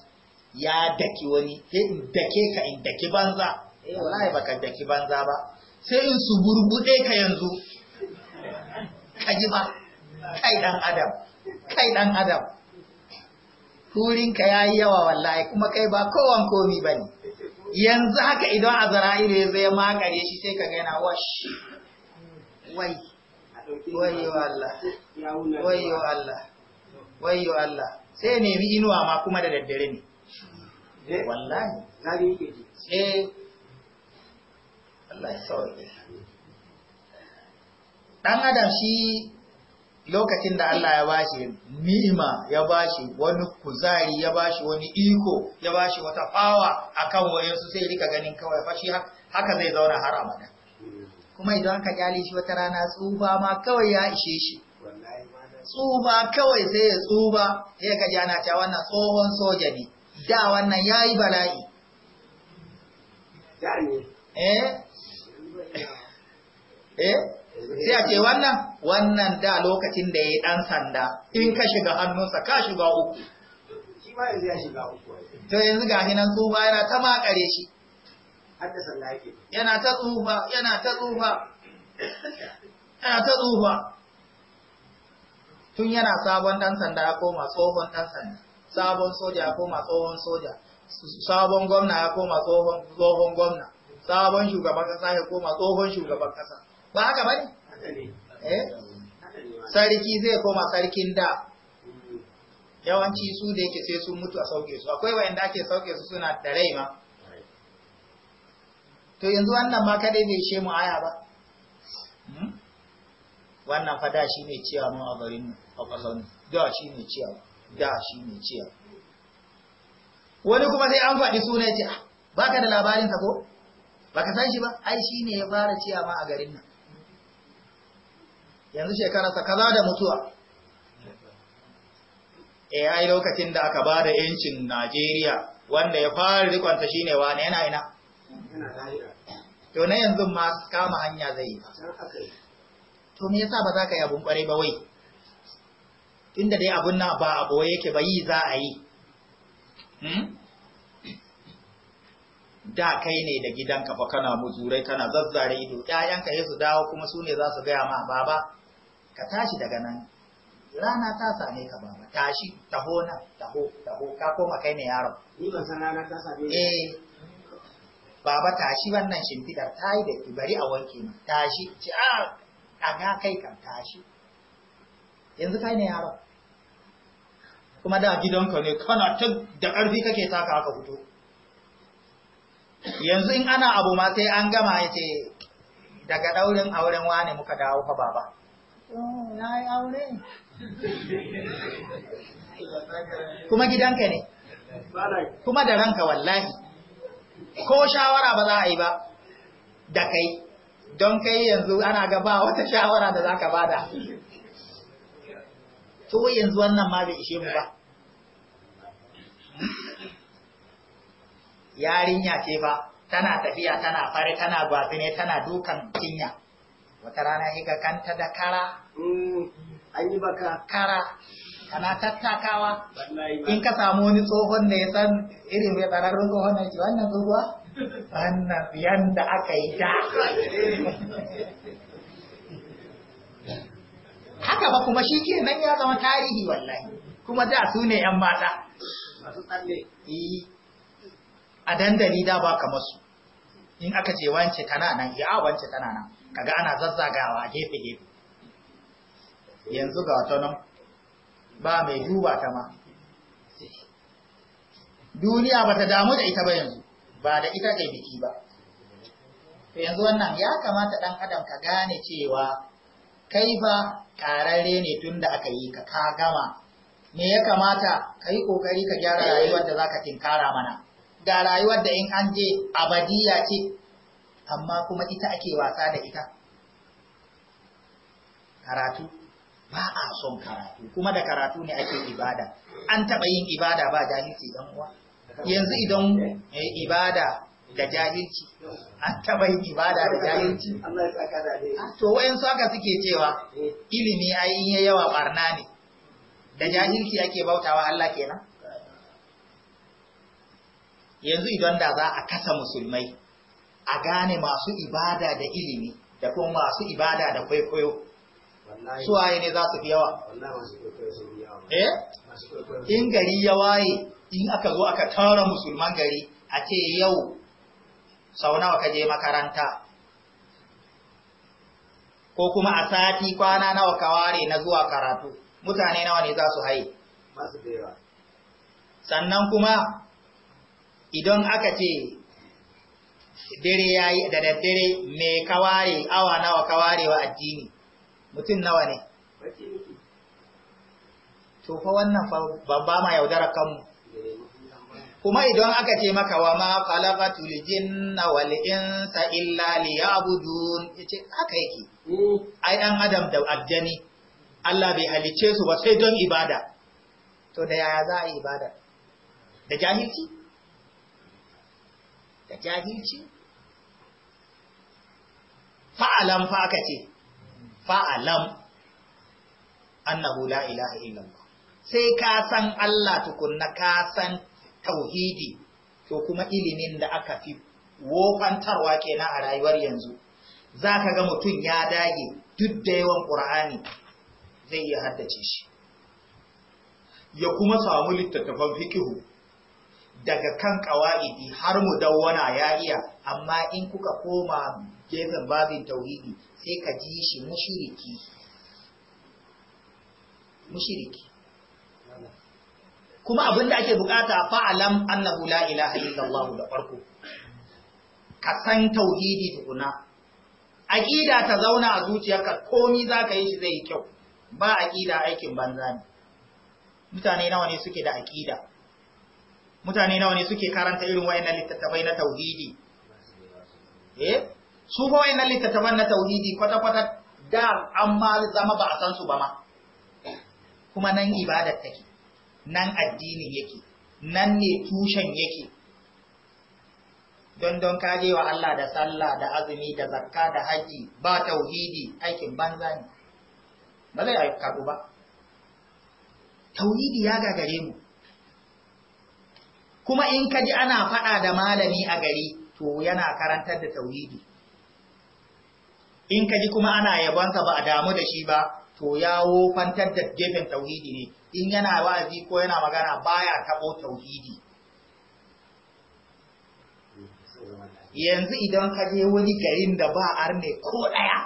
ya daki wani sai in dake ka in daki banza eh, wallahi baka daki banza ba sai in su burbuɗe ka yanzu ka ji ba kai dan adam kai dan adam turinka yayi yawa wallahi kuma kai ba kowan komi bane yanzu haka idan azra'ilu ya zai makare shi sai ka ga yana wash wai wayo Allah wayo Allah wayo Allah sai nemi inuwa ma kuma da daddare ne wallahi zari yake ji Sai, Allah ya sauke dan adam shi lokacin da Allah ya bashi ni'ima ya bashi wani kuzari ya bashi wani iko ya bashi wata fawa akan wayansu sai rika ganin kawai fashi haka zai zauna har abada hmm. kuma idan aka kyale shi wata rana tsufa ma kawai ya ishe shi tsufa kawai sai ya tsufa sai ka jana ta wannan tsohon soja ne da wannan ya yi bala'i eh eh sai a ce wannan wannan da lokacin da ya yi ɗan sanda in ka shiga hannunsa ka shiga uku to yanzu ga hinan tsufa yana ta makare shi yana ta tsufa yana ta tsufa yana ta tsufa tun yana sabon dan sanda ya koma tsohon dan sanda sabon soja ya koma tsohon soja sabon gwamna ya koma tsohon gwamna sabon shugaban kasa ya koma tsohon shugaban kasa ba haka bane eh sarki zai koma sarkin da yawanci su da yake sai sun mutu a sauke su akwai wayanda ake sauke su suna da rai ma to yanzu wannan ma kadai bai ishe mu aya ba hmm? wannan fada shi ne ciya mu a garin a ƙasar da shi ne ciya da shi ne ciya wani kuma sai an faɗi suna ya ce ah, baka da labarinsa ko baka san shi ba ai shi ne ya fara ciya ma a garin nan yanzu shekararsa kaza da mutuwa e ai lokacin da aka bada yancin Najeriya wanda ya fara rikonta shine wane yana ina to na yanzu ma kama hanya zai yi to me yasa ba za ka yi abun kwarai ba wai inda dai abun na ba a boye yake ba yi za a yi hmm? da kai ne da gidanka fa kana muzurai kana zazzare ido ƴaƴanka yesu dawo kuma su ne za su gaya ma baba ka tashi daga nan rana ta same ka baba tashi taho na, taho taho ka koma kai ne yaron ni ban san ta same ni eh baba tashi wannan shimfidar ta yi da bari a wanke ma tashi ce a ah, ɗaga kai kan tashi yanzu kai ne yaro kuma da gidanka ne kana ta da ƙarfi kake taka haka fito yanzu in ana abu ma sai an gama ya ce daga ɗaurin auren wane muka dawo fa baba oh, na yi aure kuma gidanka ne kuma da ranka wallahi ko shawara ba za a yi ba da kai don kai yanzu ana gaba wata shawara da za ka bada to yanzu wannan ma bai ishe mu ba yarinya ce ba tana tafiya tana fari, tana ne, tana dukan cinya wata rana yi ga kanta da kara mm, an yi baka kara kana tattakawa in ka samu wani tsohon ya san irin mai tsararrun tsohon ne ce wannan tsohuwa wannan da aka yi da haka ba kuma shi ke nan ya zama tarihi wallahi kuma da su ne yan mata eh, a dandali da ba kamar su in aka ce wance tana nan ya eh, wance tana nan kaga ana zazzagawa gefe gefe yanzu ga wata nan ba mai duba ta ma duniya ba ta damu da ita ba yanzu ba da ita da biki ba to yanzu wannan ya kamata ɗan adam ka gane cewa kai ba kararre ne tunda aka yi ka ka gama me ya kamata ka yi kokari ka gyara rayuwar da zaka tinkara mana ga rayuwar da in an je abadiya ce amma kuma ita ake wasa da ita karatu ba a son karatu kuma da karatu ne ake ibada an taɓa yin ibada ba jahilci dan uwa yanzu idan eh, ibada da jahilci an taɓa yin ibada da jahilci to wayan su aka suke cewa ilimi ai in yawa barna ne da jahilci ake bautawa Allah kenan yanzu idan da za a kasa musulmai a gane masu ibada da ilimi da kuma masu ibada da kwaikwayo su waye ne za su fi yawa eh in gari ya waye in aka zo aka tara musulman gari a ce yau sau nawa ka je makaranta ko kuma a sati kwana nawa ka ware na zuwa karatu mutane nawa ne za su haye sannan kuma idan aka ce dare yayi da daddare mai kaware awa nawa wa addini mutum nawa ne to fa wannan fa ma yaudara kanmu kuma idan aka ce maka wa ma khalaqatu jinna wal insa illa liya'budun ce, Aka yake ai ɗan adam da aljani Allah bai halice su ba sai don ibada to da yaya za a yi ibada da jahilci da jahilci fa'alan fa aka ce fa'alam annahu la ilaha illallah sai ka san Allah tukunna ka san tauhidi to kuma ilimin da aka fi wofantarwa kenan a rayuwar yanzu za ka ga mutum ya dage duk da yawan ƙura'ani zai iya haddace shi ya kuma samu littattafan fikihu daga kan ƙawa'idi har mu dawwana ya iya amma in kuka koma gefen babin tauhidi sai ka ji shi mushiriki mushiriki kuma abin da ake bukata fa'alam annahu la ilaha illallah da farko ka san tauhidi tukuna aqida ta zauna a zuciyarka komai zaka yi shi zai yi kyau ba aqida aikin banza ne mutane nawa ne suke da aqida mutane nawa ne suke karanta irin wayannan littattafai na tauhidi eh su ko nan littattafan na tauhidi kwata-kwata da an zama ba a san su ba ma kuma nan ibadar take nan addinin yake nan ne tushen yake don don kaje wa Allah da sallah da azumi da zakka da haji ba tauhidi aikin banza ne ba zai karu ba tauhidi ya gagare mu kuma in kaji ana faɗa da malami a gari to yana karantar da tauhidi in ka ji kuma ana yabonsa ba a damu da shi ba to ya wofantar da gefen tauhidi ne in yana wa'azi ko yana magana baya taɓo tauhidi yanzu idan ka je wani garin da ba arne ko ɗaya,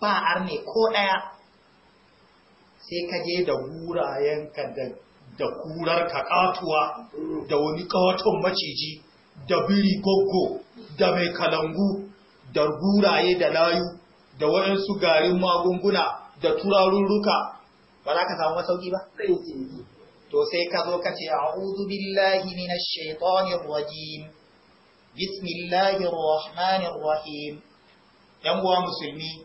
ba arne ko daya sai ka je da gurayenka da da kurar ka katuwa da wani kawaton maciji da biri goggo da mai kalangu da guraye da layu da waɗansu garin magunguna da turarurruka ba za ka samu masauki ba? To sai ka zo ka ce, A'udhu billahi minash shaitanir rajim, bismillahir rahmanir rahim. ‘Yan uwa musulmi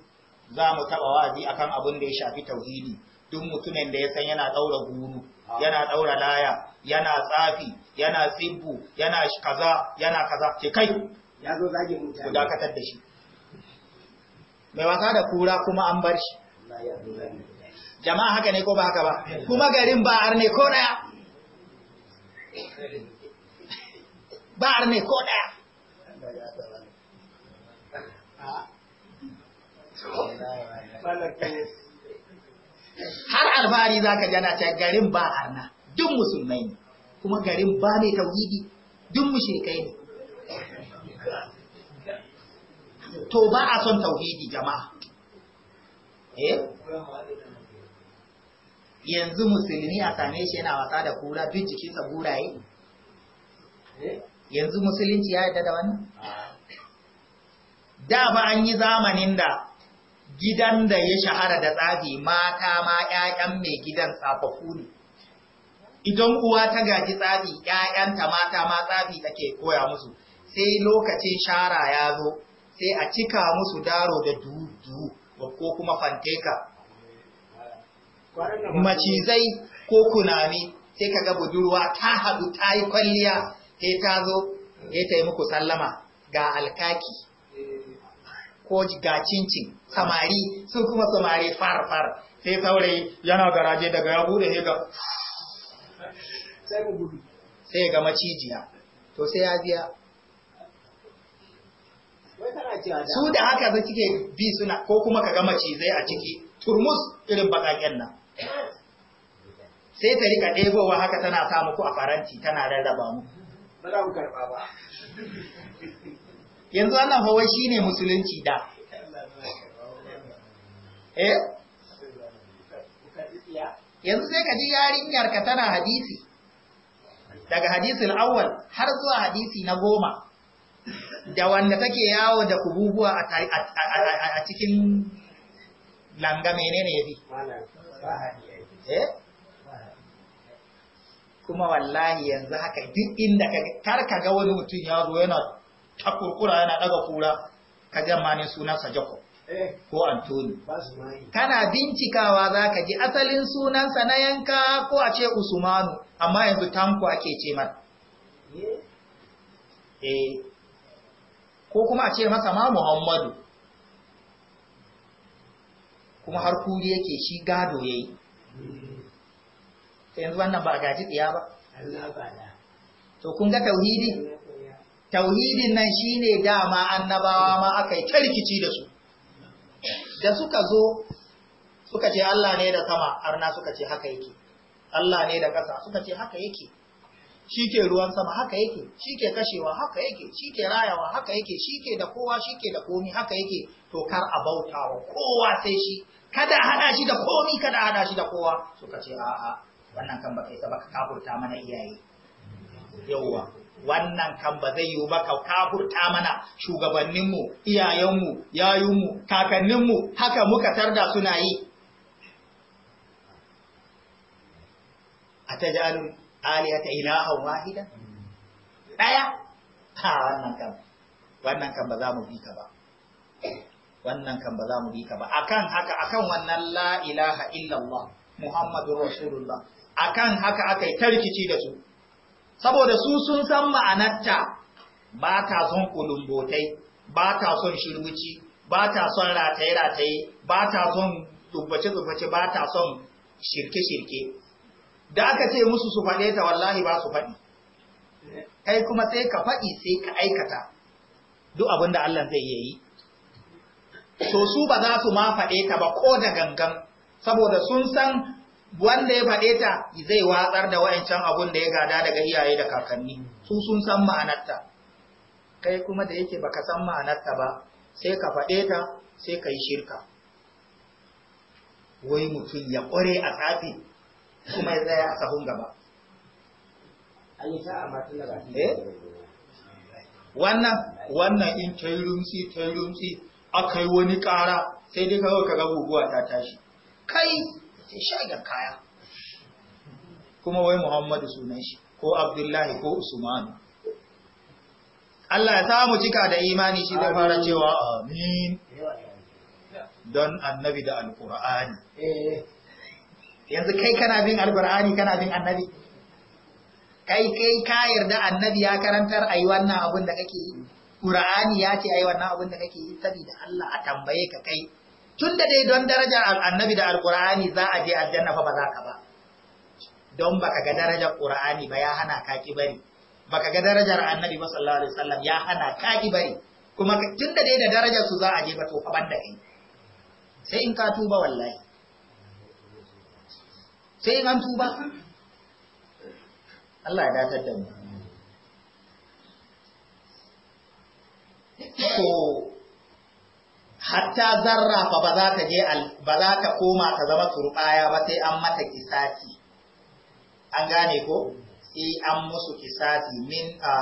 za mu taɓa wazi kan abin da ya shafi tauhidi, duk mutumin da ya san yana ɗaura guru, yana ɗaura laya, yana tsafi, yana tsibbu, yana kaza, yana kaza, ce kai, ya zo zagin mutane. Ku dakatar da shi. mai wasa da kura kuma an bar shi jama'a haka ne ko ba haka ba kuma garin ba ne ko daya ba ne ko daya har alfahari za ka jana ta garin ba na? duk musulmai ne kuma garin ba mai tauhidi duk mushrikai ne to ba a son tauhidi jama'a eh yanzu musulmi a same shi yana wasa da kura duk jikinsa buraye yanzu musulunci ya yarda da wannan da ba an yi zamanin da gidan da ya shahara da tsafi mata ma ƴaƴan mai gidan tsafafu ne idan uwa ta gaji tsafi ƴaƴanta mata ma tsafi take koya musu sai lokacin shara ya zo sai a cika musu daro da duhu ko kuma fanteka macizai ko kunami sai kaga budurwa ta haɗu ta yi kwalliya sai ta zo ya ta yi muku sallama ga alkaki ko ga cincin samari su kuma samari far-far sai saurayi yana garaje daga ya bude ya ga sai ga macijiya to sai ya biya su da haka za kike bi suna ko kuma ka gama cizai a ciki turmus irin bakaken nan sai ta rika ɗebowa haka tana sa muku a faranti tana rarraba mu ba mu yanzu ana hawa shi ne musulunci da eh? yanzu sai ka ji yarinyar ka tana hadisi daga hadisin awwal har zuwa hadisi na goma da wanda take yawo da kububuwa a cikin langa menene ya bi eh? kuma wallahi yanzu haka duk inda ka kar ga wani mutum ya zo yana ta kurkura yana daga kura ka jamanin sunansa jako eh. ko Antoni. Kana bincikawa za ka ji asalin sunansa na yanka ko a ce Usmanu, amma yanzu tanko ake ce man. ko kuma a ce masa ma muhammadu kuma har kuri yake shi gado yayi yi yanzu wannan ba a gaji ɗaya ba to kun ga tauhidi tauhidin nan shine dama annabawa ma aka yi tarkici da su da suka zo suka ce Allah ne da sama arna suka ce haka yake Allah ne da ƙasa suka ce haka yake shi ke ruwan sama haka yake shi ke kashewa haka yake shi ke rayawa haka yake shi ke da kowa shi ke da komi haka yake to kar a bautawa kowa sai shi kada hada shi da komi kada hada shi da kowa ka ce a'a wannan kan ba kai sa baka kafurta mana iyaye yawa wannan kan ba zai yiwu ba ka kafurta mana shugabanninmu iyayenmu yayunmu kakanninmu haka muka tarda suna yi a tajalun aliyata ilahan wahida daya a wannan kan wannan kan ba za mu bi ka ba wannan kan ba za mu bi ka ba akan haka akan wannan la ilaha illallah muhammadur rasulullah akan haka akai tarkici da su saboda su sun san ma'anarta ba ta son kulumbotai ba ta son shirwuci ba ta son rataye-rataye ba ta son tsubbace-tsubbace ba ta son shirke-shirke da aka ce musu su faɗe ta wallahi ba su faɗi kai kuma sai ka faɗi sai ka aikata duk abin da Allah zai yi so su ba za su ma faɗe ta ba ko da gangan saboda sun san wanda ya faɗe ta zai watsar da wa'ancan abun da ya gada daga iyaye da kakanni su sun san ma'anarta kai kuma da yake baka san ma'anarta ba sai ka faɗe ta sai ka yi shirka wai mutum ya ƙware a tsafi kuma ya tsaya a sahun gaba eh? wannan wannan in ta yi rumtsi ta yi rumtsi aka yi wani ƙara sai dai kawai kaga guguwa ta tashi kai sai shagar kaya kuma wai muhammadu sunan shi ko abdullahi ko usmanu Allah ya samu cika da imani shi zai fara cewa amin don annabi da alkur'ani eh. yanzu kai kana bin alkur'ani kana bin annabi kai kai ka yarda annabi ya karantar ayi wannan abin da kake yi qur'ani ya ce ayi wannan abin da kake yi saboda Allah a tambaye ka kai tunda dai don darajar annabi da alkur'ani za a je aljanna fa ba za ka ba don baka ga darajar qur'ani ba ya hana ka ki bari baka ga darajar annabi ba sallallahu alaihi wasallam ya hana ka ki bari kuma tunda dai da darajar su za a je ba to fa banda kai sai in ka tuba wallahi sai an tuba Allah ya datar da mu to hatta zarra fa ba za ka je ba za ka koma ka zama turbaya ba sai an mata kisati an gane ko sai an musu kisati min a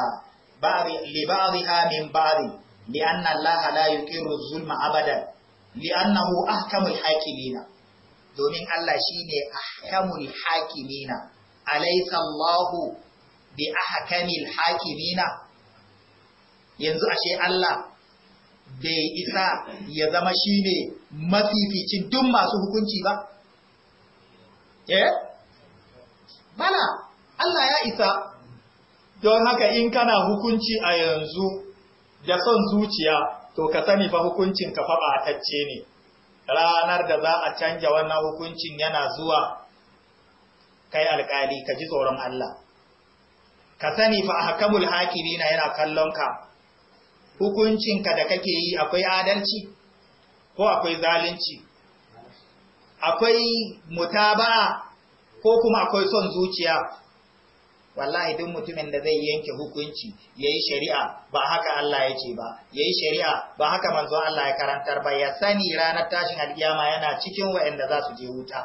ba'ri li ba'riha min ba'ri li anna Allah la yuqirru zulma abadan li annahu ahkamul hakimina domin Allah shi ne a hakamun hakimina alaysa Allahu bi ahkamil hakimina yanzu ashe Allah bai isa ya zama shi ne mafificin duk masu hukunci ba eh bala Allah ya isa don haka in kana hukunci a yanzu da son zuciya to ka sani fa hukuncin ka a tacce ne ranar da za a canja wannan hukuncin yana zuwa kai alkali ka ji tsoron Allah ka sani fa ahkamul hakimina yana kallon ka hukuncinka da kake yi akwai adalci ko akwai zalunci akwai mutaba'a ko kuma akwai son zuciya wallahi duk mutumin da zai yanke hukunci yayi shari'a ba haka Allah ya ce ba yayi shari'a ba haka manzo Allah ya karantar ba ya sani ranar tashin alkiyama yana cikin waɗanda za su je wuta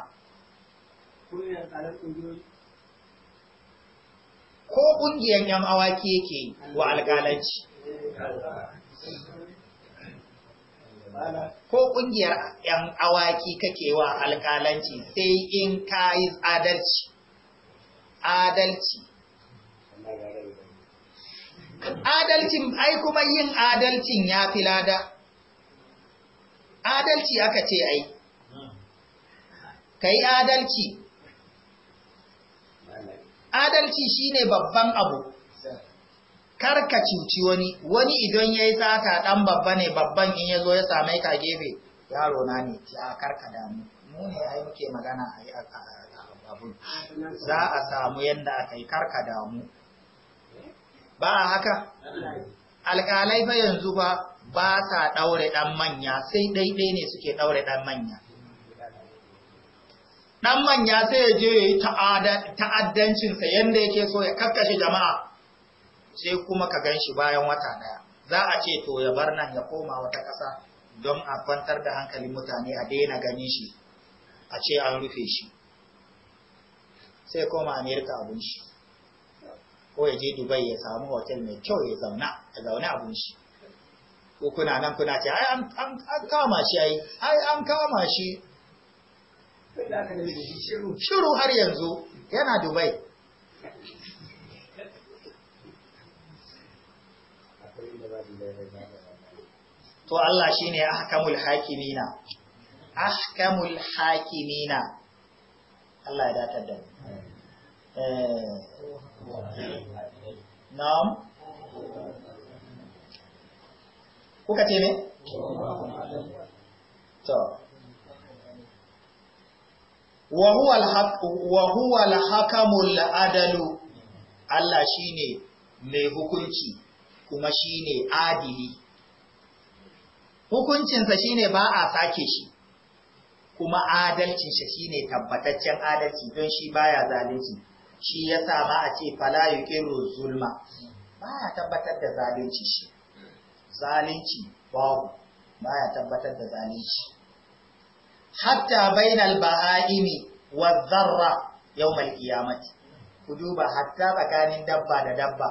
ko ƙungiyar yan awaki yake wa alƙalanci ko kungiyar yan awaki kake wa alƙalanci sai in ka yi adalci adalci adalcin ai kuma yin adalcin ya fi lada adalci aka ce ai ka yi adalci adalci ne babban abu karka cuci wani wani idan ya yi tsaka ɗan babba ne babban in ya zo ya same ka gefe yaro na ne ya karka damu mu ne ai muke magana a yi abun za a samu yadda aka yi karka damu ba a haka alƙalai ba yanzu ba ba sa ɗaure ɗan manya sai ɗaiɗai ne suke ɗaure ɗan manya ɗan manya sai ya je yayi ta'addancinsa yadda yake so ya kakkashe jama'a sai kuma ka gan shi bayan wata ɗaya za a ce to ya bar nan ya koma wata ƙasa don a kwantar da hankalin mutane a daina ganin shi a ce an rufe shi sai koma amerika abin shi ko ya je Dubai ya samu hotel mai kyau ya zauna ya zauna abun shi ko kuna nan kuna ce ai an an kama shi ai ai an kama shi shiru har yanzu yana Dubai to Allah shine ahkamul hakimina ahkamul hakimina Allah ya datar da mu eh na'am kuka ce ne to wa huwa al-haq al adalu Allah shine mai hukunci kuma shine adili hukuncinsa shine ba a sake shi kuma adalcin shi shine tabbataccen adalci don shi baya zalunci shi ya sa ba a ce fala yuqiru zulma ya tabbatar da zalunci shi zalunci babu ya tabbatar da zalunci hatta bainal baha'imi wa zarra yau mai kiyamati ku duba hatta tsakanin dabba da dabba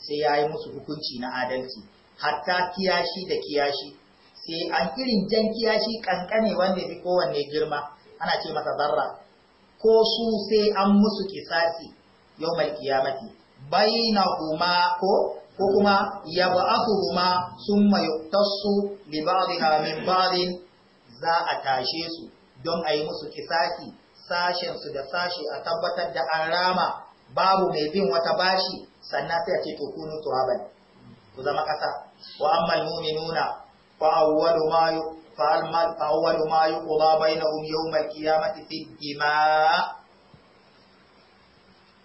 sai ya yi musu hukunci na adalci hatta kiyashi da kiyashi sai an irin jan kiyashi kankane wanda ya fi kowanne girma ana ce masa zarra ko su sai an musu kisasi yau mai kiyamati na kuma ko ko kuma ya sun sun yuktasu li ba'dha min za a tashe su don a yi musu kisasi sashen su da sashe a tabbatar da an rama babu mai bin wata bashi sannan sai a ce to kunu ku zama kasa wa ammal mu'minuna fa awwalu ma فأول ما يقضى بينهم يوم القيامة في الدماء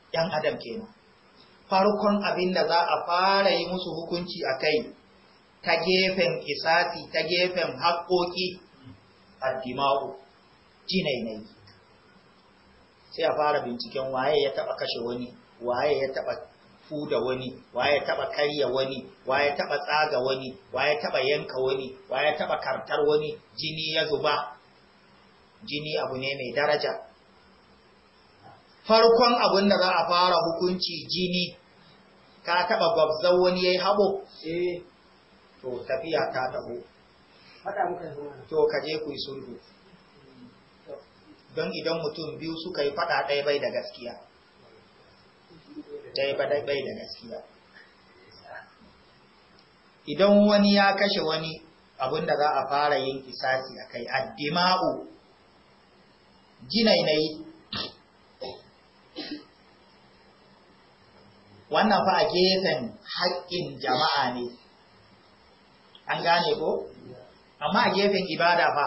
‘yan adam kenan farkon abin da za a fara yi musu hukunci a kai ta gefen isasi ta gefen haƙoƙi addima'u jinainai sai a fara binciken waye ya taɓa kashe wani waye ya taɓa fu da wani wa ya taba karya wani wa ya taba tsaga wani wa ya taba yanka wani wa ya taba kartar wani jini ya zuba jini abu ne mai daraja farkon abin da za a fara hukunci jini ka taba gwabzan wani yayi habo eh to tafiya ta taho to ka je ku yi sulhu don idan mutum biyu suka yi faɗa ɗaya bai da gaskiya dai dai bai da gaskiya idan wani ya kashe wani abin za a fara yin kisasi a kai addima'u jinainai wannan fa a gefen haƙƙin jama'a ne an gane ko amma a gefen ibada fa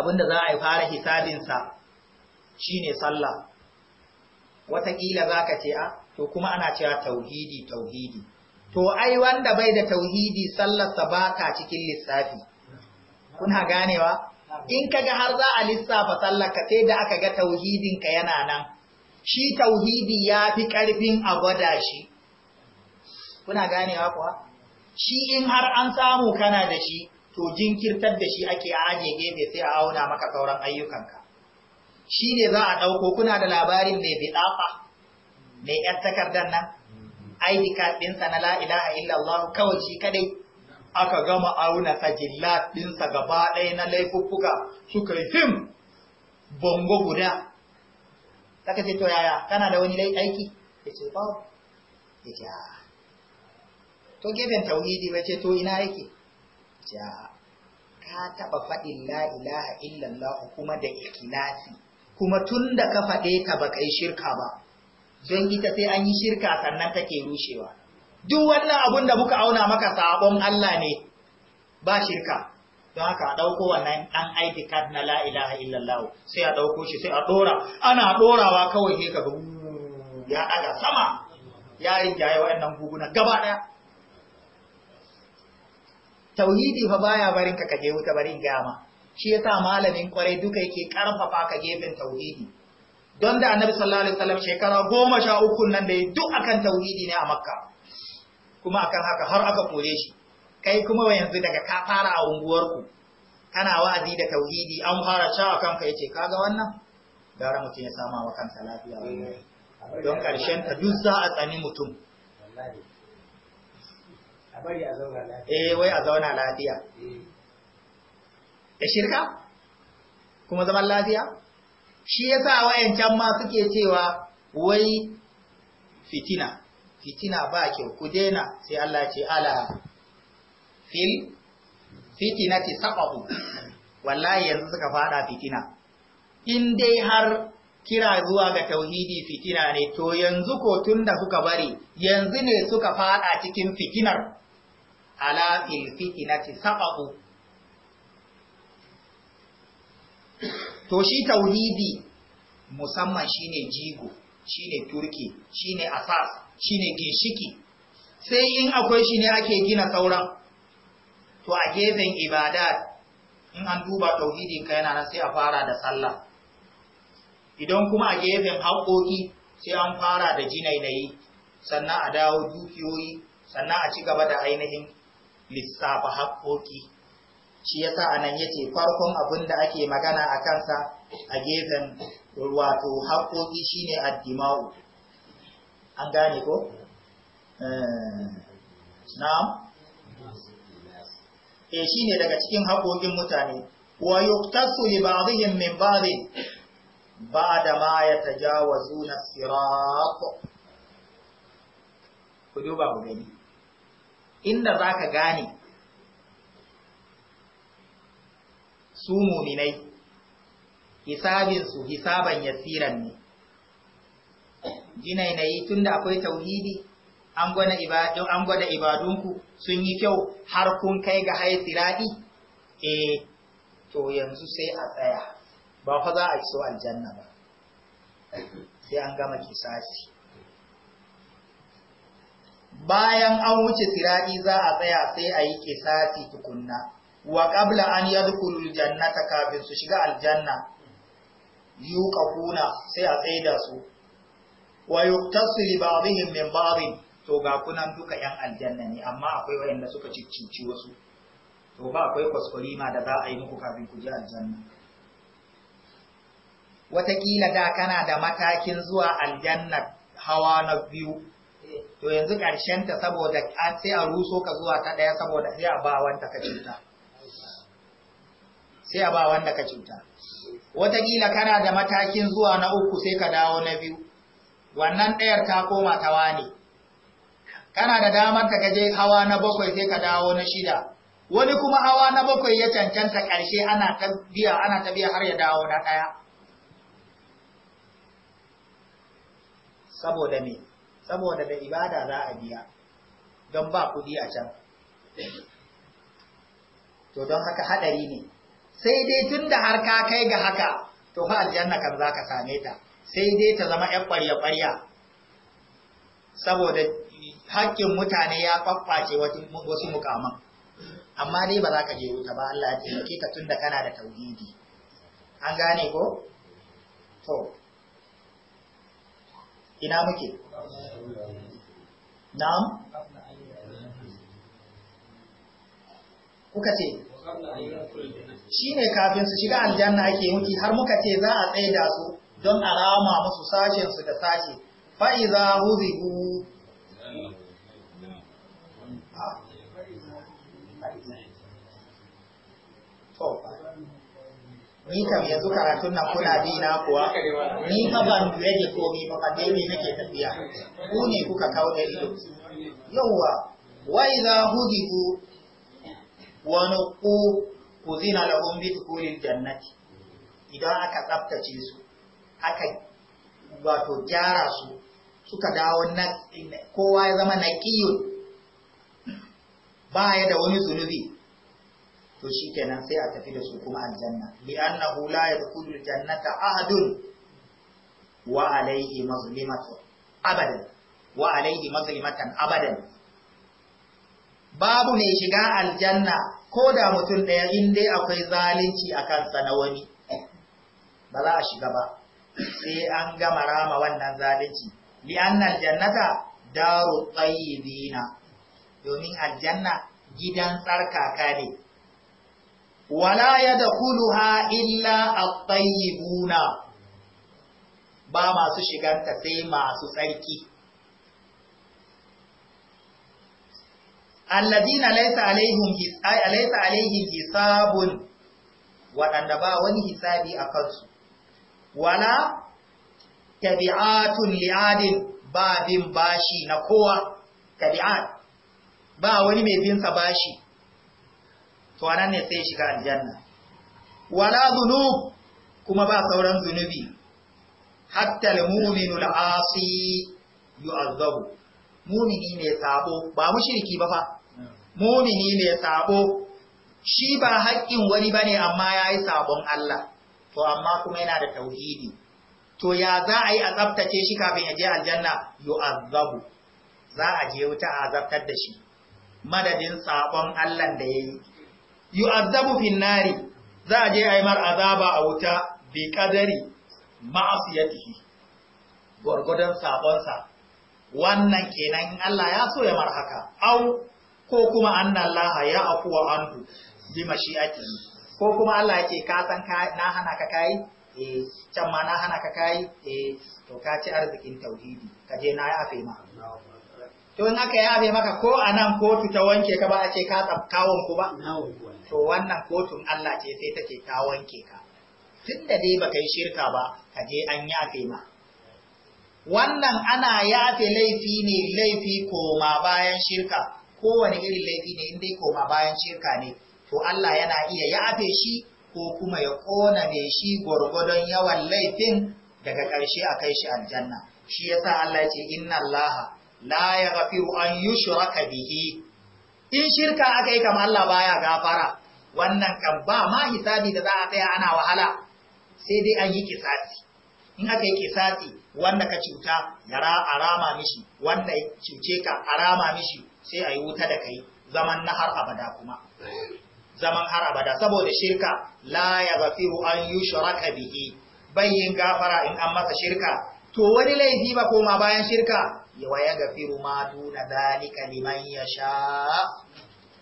abinda za a fara fara hisabinsa shine sallah watakila za ka ce a to kuma ana cewa tauhidi tauhidi to ai wanda bai da tauhidi sallarsa ba ka cikin lissafi kuna ganewa in kaga har za a lissafa ka, sai da aka ga tauhidinka yana nan shi tauhidi ya fi ƙarfin a gwada shi kuna ganewa kuwa shi in har an samu kana da shi to jinkirtar da shi ake aje gefe sai a auna maka sauran ayyukanka shi ne za a ɗauko kuna da labarin mai bidafa mai ƴan takardar nan ID ɗinsa na la'ilaha illallah kawai shi kadai aka gama auna sajilla ɗinsa gaba ɗaya na laifuffuka suka yi fim bongo guda saka ce to yaya kana da wani aiki ya ce ba, ya ce to gefen tauhidi ya ce to ina aiki ja ka taɓa faɗin la'ilaha illallah kuma da ikinasi. kuma tun da ka faɗe ka ba kai shirka ba don ita sai an yi shirka sannan take rushewa duk wannan abun da muka auna maka sabon Allah ne ba shirka don haka a ɗauko wannan ɗan aiki card na la'ilaha illallah sai a ɗauko shi sai a ɗora ana ɗorawa kawai ne ka ya ɗaga sama ya rinjaye guguna gaba ɗaya tauhidi fa baya barin ka kaje wuta barin gama shi yasa malamin kwarai duka yake karfafa ka gefen tauhidi don da annabi sallallahu alaihi wasallam shekara goma sha uku nan da duk akan tauhidi ne a makka kuma akan haka har aka kore shi kai kuma wa yanzu daga ka fara a unguwarku kana wa'azi da tauhidi an fara cewa ka yace kaga wannan gara mutum ya sama wa kansa lafiya don karshen ta duk za a tsani mutum eh wai a zauna lafiya eh. da shirka kuma zaman lafiya shi ya yasa wayancan ma suke cewa wai fitina fitina ba kyau ku daina sai Allah ce ala fil fitina fitinati saqabu wallahi yanzu suka fada fitina in dai har kira zuwa ga tauhidi fitina ne to yanzu ko tun da suka bari yanzu ne suka faɗa cikin fitinar ala fil fitina fitinati saqabu to shi tauhidi musamman shine jigo shine turki shine asas shine ginshiki sai in akwai shi ne ake gina sauran to a gefen ibada, in an duba tauhidin ka yana nan sai a fara da sallah idan kuma a gefen haƙoƙi sai an fara da jinainayi sannan a dawo dukiyoyi sannan a ci gaba da ainihin lissafa haƙoƙi shi yasa anan yace farkon abin da ake magana a kansa a gefen wato haƙoƙi shine addima'u an gane ko eh, na'am e shine daga cikin haƙoƙin mutane wa yuqtasu li ba'dihim min ba'di ba'da ma yatajawazuna sirat ku duba ku gani inda zaka gane su muminai hisabinsu hisaban yasiran ne jinainayi tun da akwai tauhidi an gwada ibadunku sun yi kyau har kun kai ga haye e eh to yanzu sai a tsaya ba fa za a iso aljanna ba sai an gama kisasi bayan an wuce siraɗi za a tsaya sai a yi kisasi tukunna wa qabla an yadkhulul jannata kafin su shiga aljanna yuqafuna sai a tsaida su wa yuktasu ba'dihim min ba'din to ga kunan duka yan aljanna ne amma akwai wayanda suka ciccici wasu to ba akwai kwaskwari ma da za a yi muku kafin ku je aljanna watakila da kana da matakin zuwa aljanna hawa na biyu to yanzu ƙarshen ta saboda sai a ruso ka zuwa ta ɗaya saboda sai a ba wanta ka cuta sai a ba wanda ka cuta wataƙila kana da matakin zuwa na uku sai ka dawo na biyu wannan ɗayar ta koma ta wane kana da damar ka je hawa na bakwai sai ka dawo na shida wani kuma hawa na bakwai ya cancanta ƙarshe ana ta biya ana ta biya har ya dawo na ɗaya saboda me saboda da ibada za a biya don ba kuɗi a can to don haka haɗari ne sai dai tun da har ka kai ga haka to fa aljanna kan za ka same ta sai dai ta zama ‘yan ƙwarya-ƙwarya saboda haƙƙin mutane ya ƙwaƙwace wasu mukaman amma dai ba za ka je wuta ba Allah ya taimake ka tun da kana da tauhidi an gane ko? to ina muke? na'am? kuka ce? Shi ne kafin su shiga aljanna ake muki har muka ce za a tsaida su don a rama musu sashen su da sashe fa iza huzibu ni kam yanzu karatun nan kuna bi na kuwa ni fa ban rage komi ba ka dai na nake tafiya ku ne kuka kawo da ido Yauwa, wa idza ku wani ku uzina lahum bi dukulil jannati idan aka tsaftace su aka wato gyara su suka dawo na kowa ya zama naqiyun baya da wani zunubi to shikenan sai a tafi da su kuma aljanna bi annahu la yadkhulul jannata ahadun wa alayhi mazlimatu abadan wa alayhi mazlimatan abadan babu mai shiga aljanna ko da mutum ɗaya in dai akwai zalunci a kansa na wani ba za a shiga ba sai an gama rama wannan zalunci nan jannata daru tsayibina domin aljanna gidan tsarkaka ne wala ya da ha illa a ba masu shiganta sai masu tsarki alladina Alaisa alaihim hisab laysa alaihim hisabun ba wani hisabi a kansu wala tabi'atun li'adin ba bin bashi na kowa tabi'at ba wani mai bin sa bashi to anan ne sai shiga aljanna wala zunub. kuma ba sauran zunubi hatta al-mu'minu al-asi yu'azzabu mu'mini ne sabo ba mushriki ba fa mumini mai sabo shi ba haƙƙin wani bane amma ya yi sabon Allah to amma kuma yana da tauhidi to ya za a yi a tsabtace shi kafin ya je aljanna Yu azabu za a je wuta a azabtar da shi madadin sabon Allah da yayi yu'azzabu fin nari za a je a yi mar azaba a wuta bi kadari ma'asiyatihi gurgudan sabonsa wannan kenan in Allah ya so ya mar haka au ko kuma anna Allah ya wa anhu bi mashi'ati ko kuma Allah yake ka san na hana ka kai eh can ma na hana ka kai eh to ka ci arzikin tauhidi ka je na yafe ma to in aka yafe maka ko anan kotu ta wanke ka ba a ce ka tsafkawon ku ba to wannan kotun Allah ce sai take ce ta wanke ka tunda dai baka yi shirka ba ka je an yafe ma wannan ana yafe laifi ne laifi koma bayan shirka kowane irin laifi ne in dai koma bayan shirka ne to Allah yana iya yafe shi ko kuma ya kona mai shi gwargwadon yawan laifin daga ƙarshe a kai shi aljanna shi yasa Allah ya ce inna Allah la yaghfiru an yushraka bihi in shirka aka yi kamar Allah baya gafara wannan kan ba ma hisabi da za a tsaya ana wahala sai dai an yi kisasi in aka yi kisasi wanda ka cuta ya a mishi wanda ya cuce ka a mishi sai a yi wuta da kai zaman na har abada kuma zaman har abada saboda shirka la ya zafiru an yi shiraka bihi bayin gafara in an masa shirka to wani laifi ba koma bayan shirka yawa ya gafiru ma duna dalika liman ya sha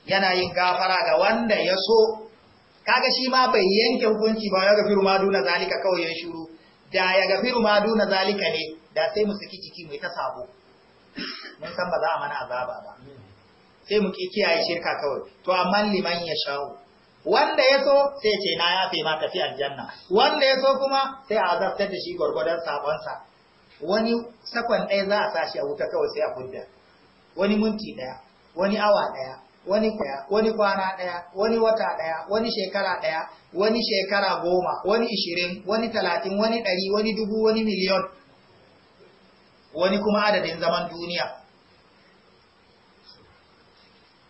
yana yin gafara ga wanda ya so kaga shi ma bai yanke hukunci ba ya gafiru ma duna zalika kawai ya shuru da ya gafiru ma duna zalika ne da sai mu saki ciki mu ta sabo mun san ba za a mana azaba ba sai mu ki kiyaye shirka kawai to amma liman ya shawo wanda ya so sai ce na yafe ma tafi aljanna wanda ya so kuma sai a azabtar da shi gwargwadon sabonsa wani sakon ɗaya za a sa shi a wuta kawai sai a fudda wani minti ɗaya wani awa ɗaya wani kwaya wani kwana ɗaya wani wata ɗaya wani shekara ɗaya wani shekara goma wani ishirin wani talatin wani ɗari wani dubu wani miliyon wani kuma adadin zaman duniya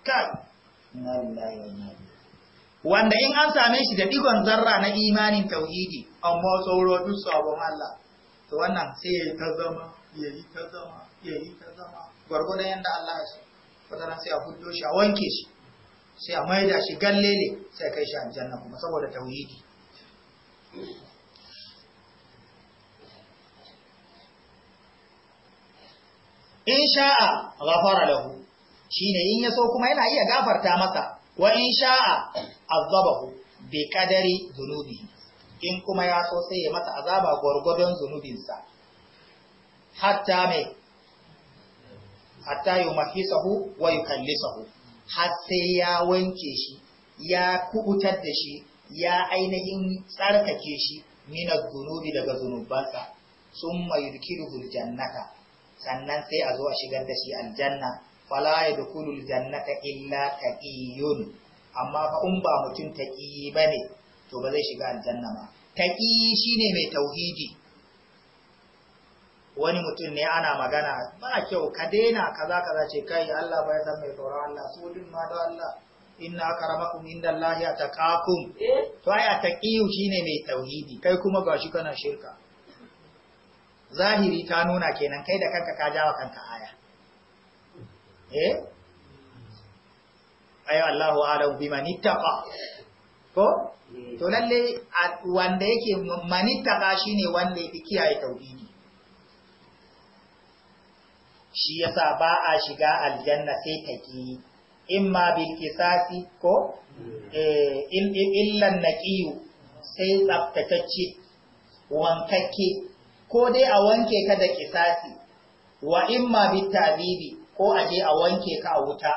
kai wanda in an same shi da digon zarra na imanin tauhidi amma tsoro duk sabon Allah to wannan sai ya yi ta zama ya yi ta zama ya yi ta zama gwargwadon yadda Allah ya so fataran sai a fito shi a wanke shi sai a maida shi gallele sai kai shi a aljanna kuma saboda tauhidi in sha'a ghafara lahu shi ne in yaso kuma yana iya gafarta masa wa in sha'a azabahu bi kadari zunubi in kuma ya so sai ya masa azaba gwargwadon zunubinsa hatta mai hatta sahu wa yukallisahu har sai ya wanke shi ya kubutar da shi ya ainihin tsarkake shi mina zunubi daga zunubansa sun mai dukiru zuljannaka sannan sai a zo a shigar da shi aljanna fala ya dukulul jannata illa taqiyun amma fa in ba mutum taqiyi bane to ba zai shiga aljanna ba taqiyi shine mai tauhidi wani mutum ne ana magana ba kyau ka daina kaza kaza ce kai Allah ya san mai tsoron Allah su din ma da Allah inna Allah ya ataqakum eh? to ai taqiyu shine mai tauhidi kai kuma shi kana shirka zahiri ta nuna kenan kai da kanka ka jawa kanka aya eh ayo Allahu a'lam biman ittaqa ko to lalle wanda yake man shine wanda yake kiyaye tauhidi shi yasa ba a shiga aljanna sai taki imma bil kisasi ko eh illan naqiyu sai tsaftatacce wankakke ko dai a wanke ka da kisasi wa imma bitabibi ko a je a wanke ka a wuta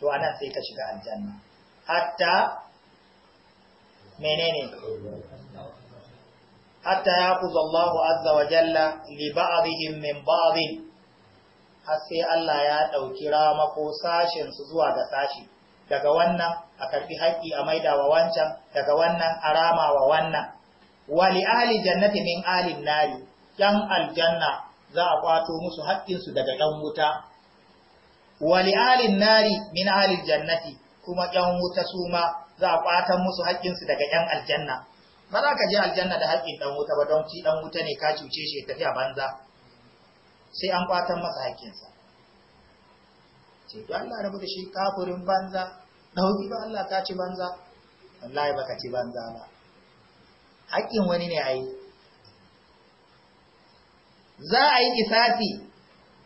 to ana sai ka shiga aljanna hatta menene hatta yaquz Allahu azza wa jalla li ba'dihim min hasse sai Allah ya dauki ramako sashin su zuwa ga sashi daga wannan a karfi haƙi a maida wa wancan daga wannan a rama wa wannan wa li jannati min Ali nari yan aljanna za a kwato musu haƙƙinsu daga ɗan wuta wa li nari min Ali jannati kuma yan wuta su ma za a kwatan musu haƙƙinsu daga yan aljanna ba za ka je aljanna da haƙƙin ɗan wuta ba don ci ɗan wuta ne ka cuce shi tafi a banza sai an kwatan masa haƙƙinsa ce to Allah rabu da shi kafurin banza ɗauki ba Allah ta ci banza wallahi baka ci banza ba haƙƙin wani ne a yi za a yi kisasi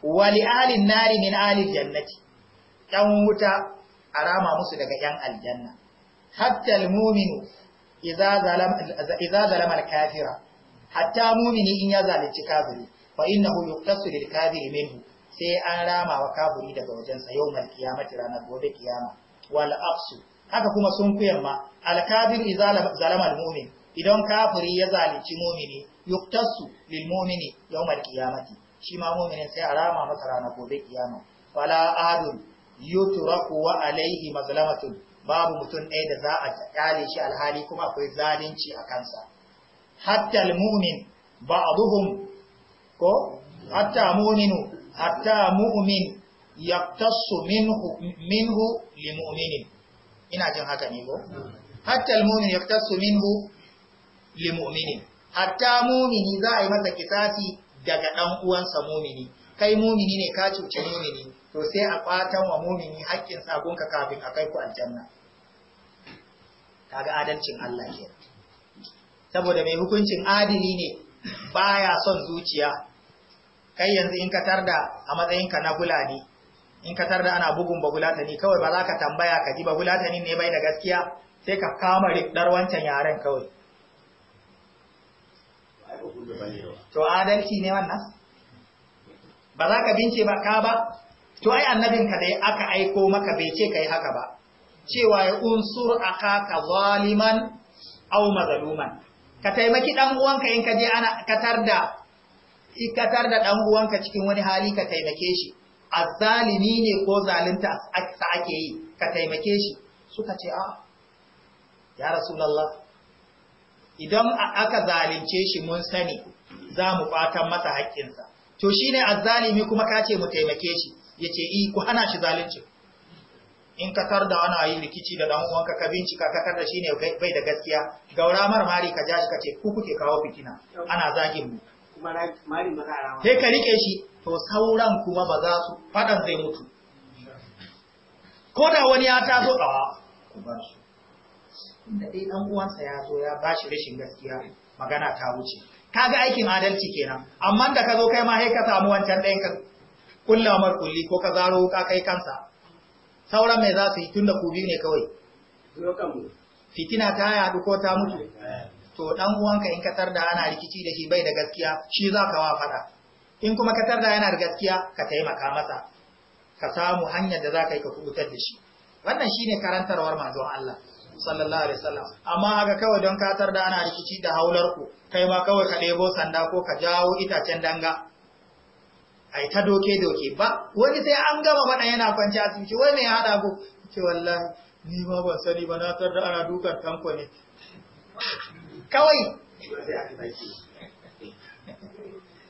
wali alin nari min alin jannati ƙan wuta a rama musu daga ‘yan aljanna hatta muminu iza zalama al-kafira hatta mumini in ya zalunci kafiri fa hu yuqtasu lil kafiri minhu sai an rama wa kafiri daga wajensa mal kiyamati ranar gobe kiyama wal aqsu haka kuma sun kuyan ma al iza zalama al mumin idan kafiri ya zalunci mumini yuktasu lil mumini yawmal qiyamati shi ma muminin sai a masa ranar gobe kiyama fala adun yutraku wa alaihi mazlamatun babu mutum ɗaya da za a kyale shi alhali kuma akwai zalunci a kansa hatta almu'min ba'dhum ko hatta mu'minu hatta mu'min yaktasu minhu minhu limu'minin ina jin haka ne ko hatta almu'min yaktasu minhu li hatta mumini za a yi masa kisasi daga dan uwansa mumini kai mumini ne ka cuci mumini to sai a kwatan wa mumini haƙƙin sabonka kafin a kai ku aljanna kaga adalcin Allah ke saboda mai hukuncin adili ne baya son zuciya kai yanzu in ka tarda a matsayin na gulani in ka tarda ana bugun ne kawai ba za ka tambaya ka ji bagulatani ne bai da gaskiya sai ka kama rikdar wancan yaren kawai to adalci ne wannan ba za ka bince ba to ai annabin ka dai aka aiko maka bai ce kai haka ba cewa ya unsur akaka zaliman aw mazluman ka taimaki dan uwanka in ka je ana katar da ikatar da dan uwanka cikin wani hali ka taimake shi azzalimi ne ko zalunta aka ake yi ka taimake shi suka ce a ah, ya rasulullah idan aka zalunce shi mun sani za mu fatan masa haƙƙinsa to shi ne azzalimi kuma ka ce mu taimake shi yace ce i ku hana shi zalunci in ka tar da wani ayi rikici da ɗan uwanka ka bincika ka da shi ne bai da gaskiya gaura marmari ka jashi ka ce ku kuke kawo fitina ana zagin mu sai ka rike shi to sauran kuma ba za su faɗan zai mutu ko da wani ya taso a ku bar shi. inda dai dan uwansa ya zo ya bashi rashin gaskiya magana ta wuce kaga aikin adalci kenan amma da ka zo kai ma sai ka samu wancan ɗayan ka kulla mar kulli ko ka zaro ka kai kansa sauran mai za su yi tunda ku biyu ne kawai fitina ta yaɗu ko ta mutu to dan uwanka in ka tarda ana rikici da shi bai da gaskiya shi za ka wa faɗa in kuma ka tarda yana da gaskiya ka taimaka masa ka samu hanyar da za ka yi ka kubutar da shi wannan shine karantarwar manzon Allah sallallahu alaihi wasallam amma haka kawai don katar da ana rikici da haular ku kai ma kawai ka ɗebo sanda ko ka jawo itacen danga ai ta doke doke ba wani sai an gama mana yana kwanci a wai me ya hada ku ce wallahi ni ma ban sani ba na tarda ana dukan tanko ne kawai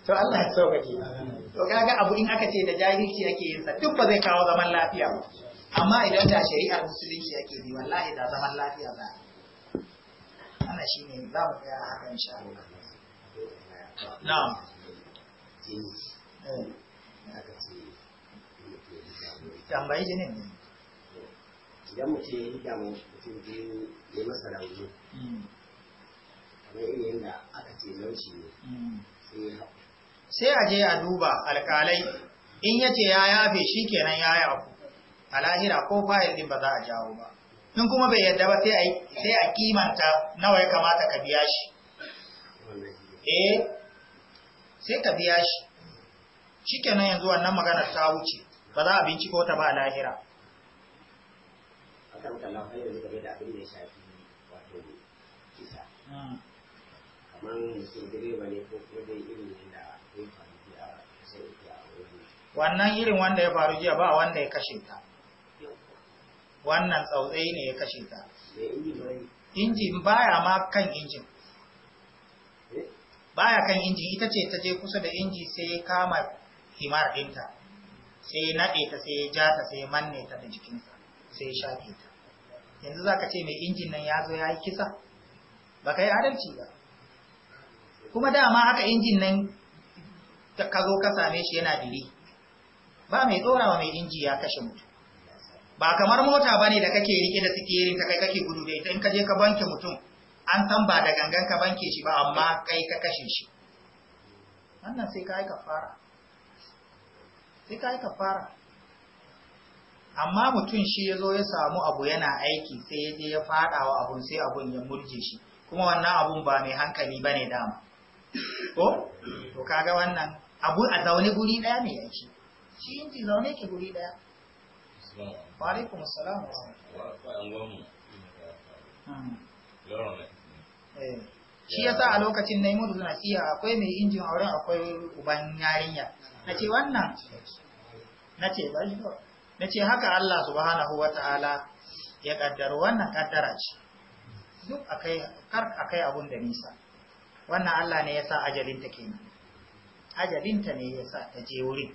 to Allah ya sauƙaƙe to kaga abu in aka ce da jahilci ake yin sa duk ba zai kawo zaman lafiya ba amma idan da shari'ar musulunci yake bi wallahi da zaman lafiya za a ana shi ne za mu tsaya a haka insha Allah na'am tambayi ne idan mu ce yi mu mutum biyu ne masa rauni hmm. kamar irin da aka ce lauci ne hmm. sai a je a duba alkalai in ya ce ya yafe shi kenan ya yi abu a lahira ko fayil din ba za a jawo ba in kuma bai yadda ba sai a kimanta nawa ya kamata ka biya shi eh sai ka biya shi shikenan yanzu wannan maganar ta wuce ba za a binciko ta ba a lahira hmm. wannan irin wanda ya faru jiya ba wanda ya kashe ta wannan tsautsayi ne ya kashe ta injin baya ma kan injin eh? baya kan inji ita ce ta je kusa da inji sai ya kama himar ɗinta sai ya naɗe ta sai ya ja ta sai ya manne ta da jikinsa sai ya shaƙe ta yanzu za ka ce mai injin nan ya zo ya yi kisa ba ka yi adalci ba kuma dama haka injin nan ka zo ka same shi yana diri ba mai tsorawa mai inji ya kashe mutum ba kamar mota bane da kake rike da sikirin ta kai kake gudu da ita in ka je ka banke mutum an san ba da gangan ka banke shi ba amma kai ka kashe shi wannan sai kai fara. sai kai fara. amma mutum shi ya zo ya samu abu yana aiki sai ya je ya fada wa abun sai abun ya murje shi kuma wannan abun ba mai hankali bane dama ko to kaga wannan abu a zaune guri daya ne yake shi inji zaune ke guri daya wa alaikum assalam wa rahmatullahi shi yasa a lokacin na yi mutu siya akwai mai injin auren akwai uban yarinya na ce wannan na ce ba shi na ce haka Allah subhanahu wa ta'ala ya kaddaro wannan kaddara ce duk akai kar akai abun da nisa wannan Allah ne ya sa ajalinta kenan ajalinta ne ya sa ta je wurin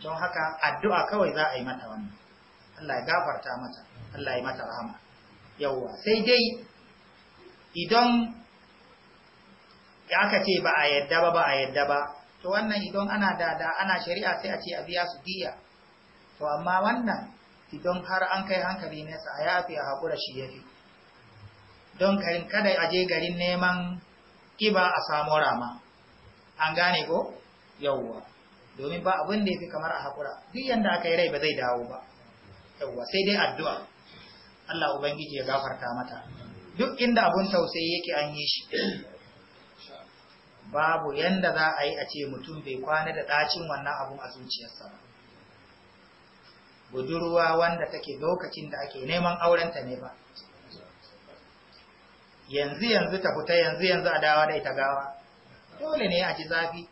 don haka addu'a kawai za a yi mata wannan Allah ya gafarta mata Allah ya mata rahama yawwa sai dai idan aka ce ba a yadda ba ba a yadda ba to wannan idan ana dada, ana shari'a sai a ce a biya su diya to amma wannan idan har an kai hankali nesa a yafi a haƙura shi yafi don karin kada a je garin neman kiba a samu rama an gane ko yawwa domin ba abin da ya fi kamar a haƙura duk yadda aka yi rai ba zai dawo ba Yauwa sai dai addu'a Allah ubangiji ya gafarta mata duk inda abun tausayi yake an yi shi babu yanda za a yi a ce mutum bai kwana da ɗacin wannan abun a zuciyarsa budurwa wanda take lokacin da ake neman aurenta ne ba yanzu yanzu ta fita yanzu yanzu a dawa da ita gawa dole ne a ji zafi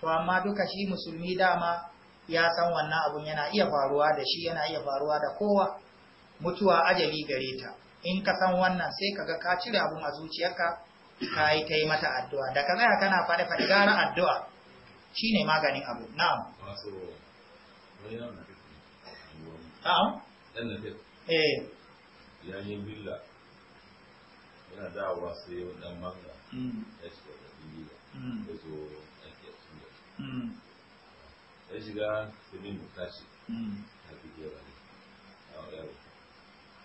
to amma duka shi musulmi dama ya san wannan abun yana iya faruwa da shi yana iya faruwa da kowa mutuwa ajali gare ta in ka san wannan sai kaga ka cire abun a zuciyarka ka yi ta yi mata addu'a da ka tsaya kana faɗi faɗi gara addu'a shine maganin abu na'am na'am eh yayin billa yana dawowa sai dan manga mm. ya ce da billa mm. ya zo ake cikin shiga tashi a a wani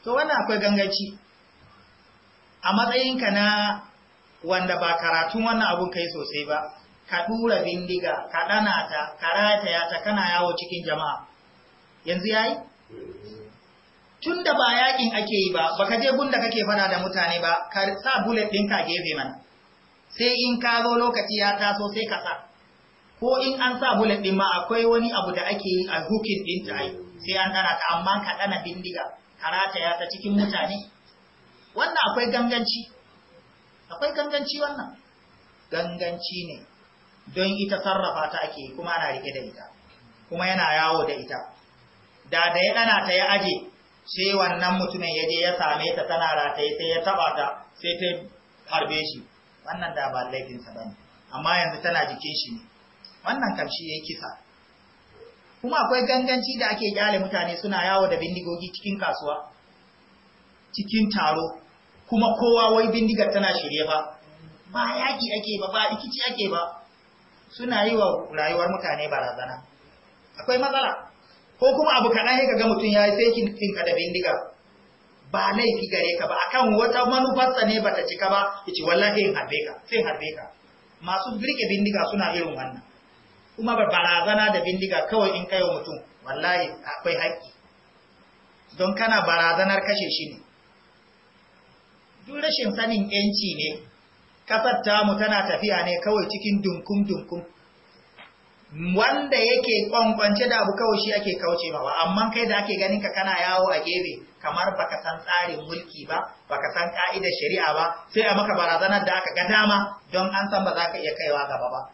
to wannan akwai gangaci a matsayinka na wanda ba karatun wannan abun kai sosai ba ka ɗura bindiga ka dana ta ka ya ta kana yawo cikin jama'a yanzu ya yi? tun da ba yakin ake yi ba baka je gunda kake fada da mutane ba ka sa bullet ka gefe mana sai in ka zo lokaci ya taso sai ka sa ko in an sa bullet din ma akwai wani abu da ake yi a hukin din ta ai sai an dana ta amma ka dana bindiga karata ya ta cikin mutane wannan akwai ganganci akwai ganganci wannan ganganci ne don ita sarrafa ta ake kuma ana rike da ita kuma yana yawo da ita da da ya dana ta ya aje sai wannan mutumin ya je ya same ta tana rataye sai ya taba ta sai ta harbe shi wannan da ba laifinsa ba ne amma yanzu tana jikin shi ne wannan kamshi ya kisa kuma akwai ganganci da ake kyale mutane suna yawo da bindigogi cikin kasuwa cikin taro kuma kowa wai bindigar tana shirye ba ba yaki ake ba ba rikici ake ba suna yi wa rayuwar mutane barazana akwai matsala ko kuma abu kaɗan ya ga mutum ya yi sai kinka da bindiga ba laifi gare ka ba akan wata manufarsa ne bata cika ba yace wallahi in harbe ka sai harbe ka masu rike bindiga suna irin wannan kuma ba barazana da bindiga kawai in kaiwa mutum wallahi akwai haƙƙi don kana barazanar kashe shi ne duk rashin sanin yanci ne kasar tamu tana tafiya ne kawai cikin dunkum dunkum wanda yake kwankwance da abu kawai shi ake kauce ba amma kai da ake ganin ka kana yawo a gefe kamar baka san tsarin mulki ba baka san ka'idar shari'a ba sai a maka barazanar da aka ga dama don an san ba za ka iya kaiwa gaba ba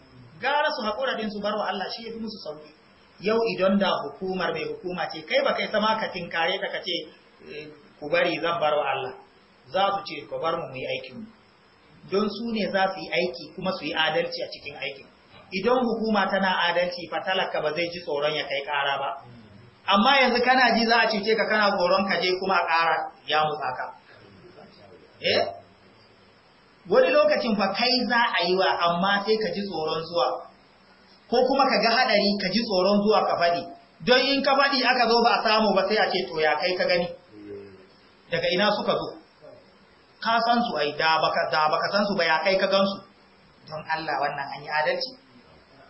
gara su haƙura din su bar wa Allah shi ya fi musu sauƙi. yau idan da hukumar mai hukuma ce kai ba kai sama ka tinkare ta ka ce eh, ku bari zan bar wa Allah za su ce ku bar mu mu yi aikin mu don su ne za su yi aiki kuma su yi adalci a cikin aikin idan hukuma tana adalci fa talaka ba zai ji tsoron ya kai ƙara ba amma yanzu kana ji za a cece ka kana tsoron ka je kuma ƙara ya musaka eh wani lokacin fa kai za a yi wa amma sai ka ji tsoron zuwa ko kuma ka ga hadari ka ji tsoron zuwa ka faɗi don in ka faɗi aka zo ba a samu ba sai a ce to ya kai ka gani daga ina suka zo ka san su ai da baka da baka san su ba ya kai ka gansu don Allah wannan an yi adalci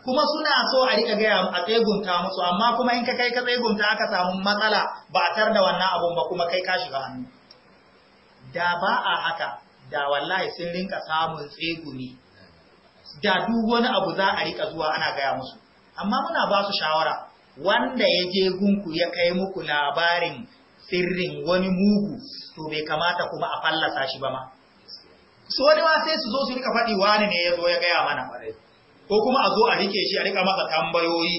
kuma suna so a rika gaya a tsegunta musu amma kuma in ka kai ka tsegunta aka samu matsala ba a tar da wannan abun ba kuma kai ka shiga hannu da ba a haka da wallahi sun rinka samun tsegumi da duk wani abu za a rika zuwa ana gaya musu amma muna ba su shawara wanda ya je gunku ya kai muku labarin sirrin wani mugu to bai kamata kuma a fallasa shi ba ma su wani ma sai su zo su rika faɗi wani ne ya zo ya gaya mana ko kuma a zo a rike shi a rika masa tambayoyi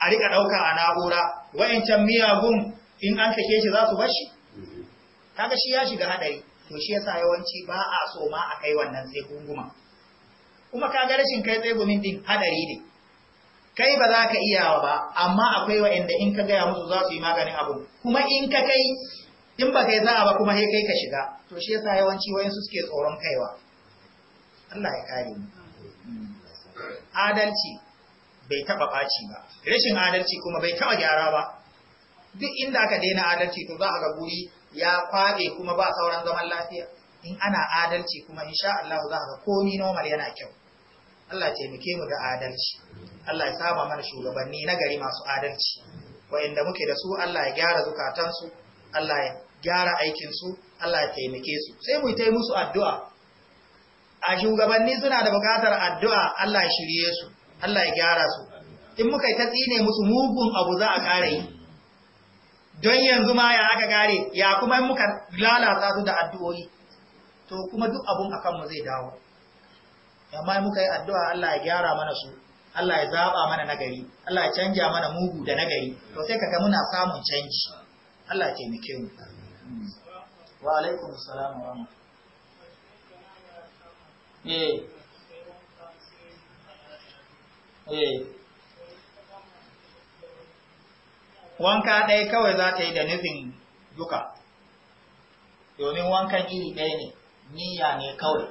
a rika ɗauka a na'ura wa'yancan miyagun in an sake shi za su bar shi kaga shi ya shiga haɗari to shi yasa yawanci ba a so ma a kai wannan sai gunguma kuma ka ga rashin kai tsaye gumin din hadari ne kai ba za ka iya ba amma akwai wa'anda in ka gaya musu za su yi maganin abu kuma in ka kai in ba kai za'a ba kuma sai kai ka shiga to shi yasa yawanci su suke tsoron kaiwa Allah ya kare mu adalci bai taba baci ba rashin adalci kuma bai taba gyara ba duk inda aka daina adalci to za a ga guri ya kwabe kuma ba sauran zaman lafiya in ana adalci kuma insha Allah za ka komi normal yana kyau Allah taimake mu da adalci Allah ya saba mana shugabanni na gari masu adalci wayanda muke da su Allah ya gyara zukatansu Allah ya gyara su Allah ya taimake su sai mu yi musu addu'a a shugabanni suna da bukatar addu'a Allah ya shirye su Allah ya gyara su in muka yi ta tsine musu mugun abu za a ƙara yi don yanzu ma ya aka gare ya kuma muka lalata su da addu'o'i to kuma duk abun akan mu zai dawo amma muka yi addu'a Allah ya gyara mana su Allah ya zaba mana nagari Allah ya canja mana mugu da nagari to sai kaga muna samun canji Allah ya taimake mu wa alaikum assalam wa rahmatullahi eh eh wanka ɗaya kawai za ta yi da nufin duka domin wankan iri ɗaya ne niyya ne kawai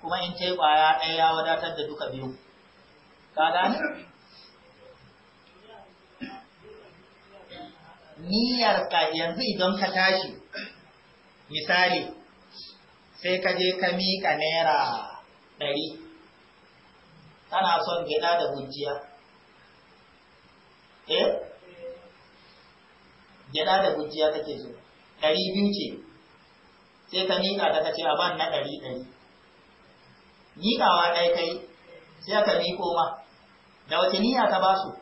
kuma in ta yi ƙwaya ɗaya ya wadatar da duka biyu ka ne niyyar ka yanzu idan ka tashi misali sai ka je ka miƙa naira ɗari kana son gida da gujiya eh gyaɗa da gujiya kake so ɗari biyu ce sai ka miƙa da kace a ban na ɗari ɗari miƙawa ɗai kai sai ka miƙo ma da wace niyya ka ba su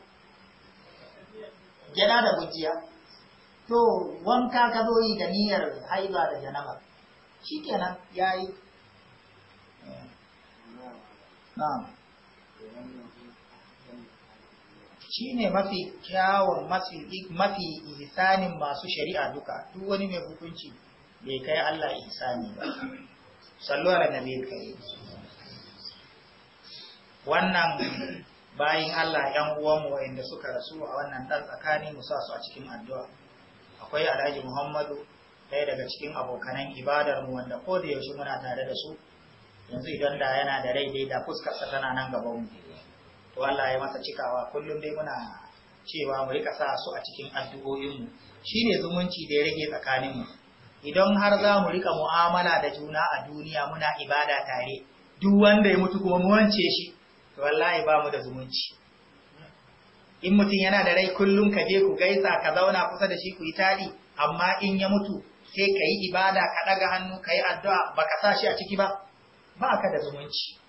gyaɗa da gujiya to wanka ka zo yi da niyyar haiba da janaba shi kenan ya yi na'am shine mafi kyawun mafi mafi ihsanin masu shari'a duka duk wani mai hukunci bai kai Allah ihsani ba sallu ala nabiyil kai. wannan bayin Allah yan uwanmu wanda suka rasu a wannan dan tsakani mu sa su a cikin addu'a akwai Alhaji Muhammadu ɗaya daga cikin abokanan ibadar mu wanda ko da yaushe muna tare da su yanzu idan da yana da rai dai da fuskar sa tana nan gaban mu to Allah ya masa cikawa kullum dai muna cewa mu rika sa su a cikin addu'o'inmu shine zumunci da ya rage tsakaninmu idan har za mu rika mu'amala da juna a duniya muna ibada tare duk wanda ya mutu kuma mu wance shi to wallahi ba mu da zumunci in mutum yana da rai kullum ka je ku gaisa ka zauna kusa da shi ku yi tari amma in ya mutu sai ka yi ibada ka ɗaga hannu ka yi addu'a ba ka sa shi a ciki ba ba ka da zumunci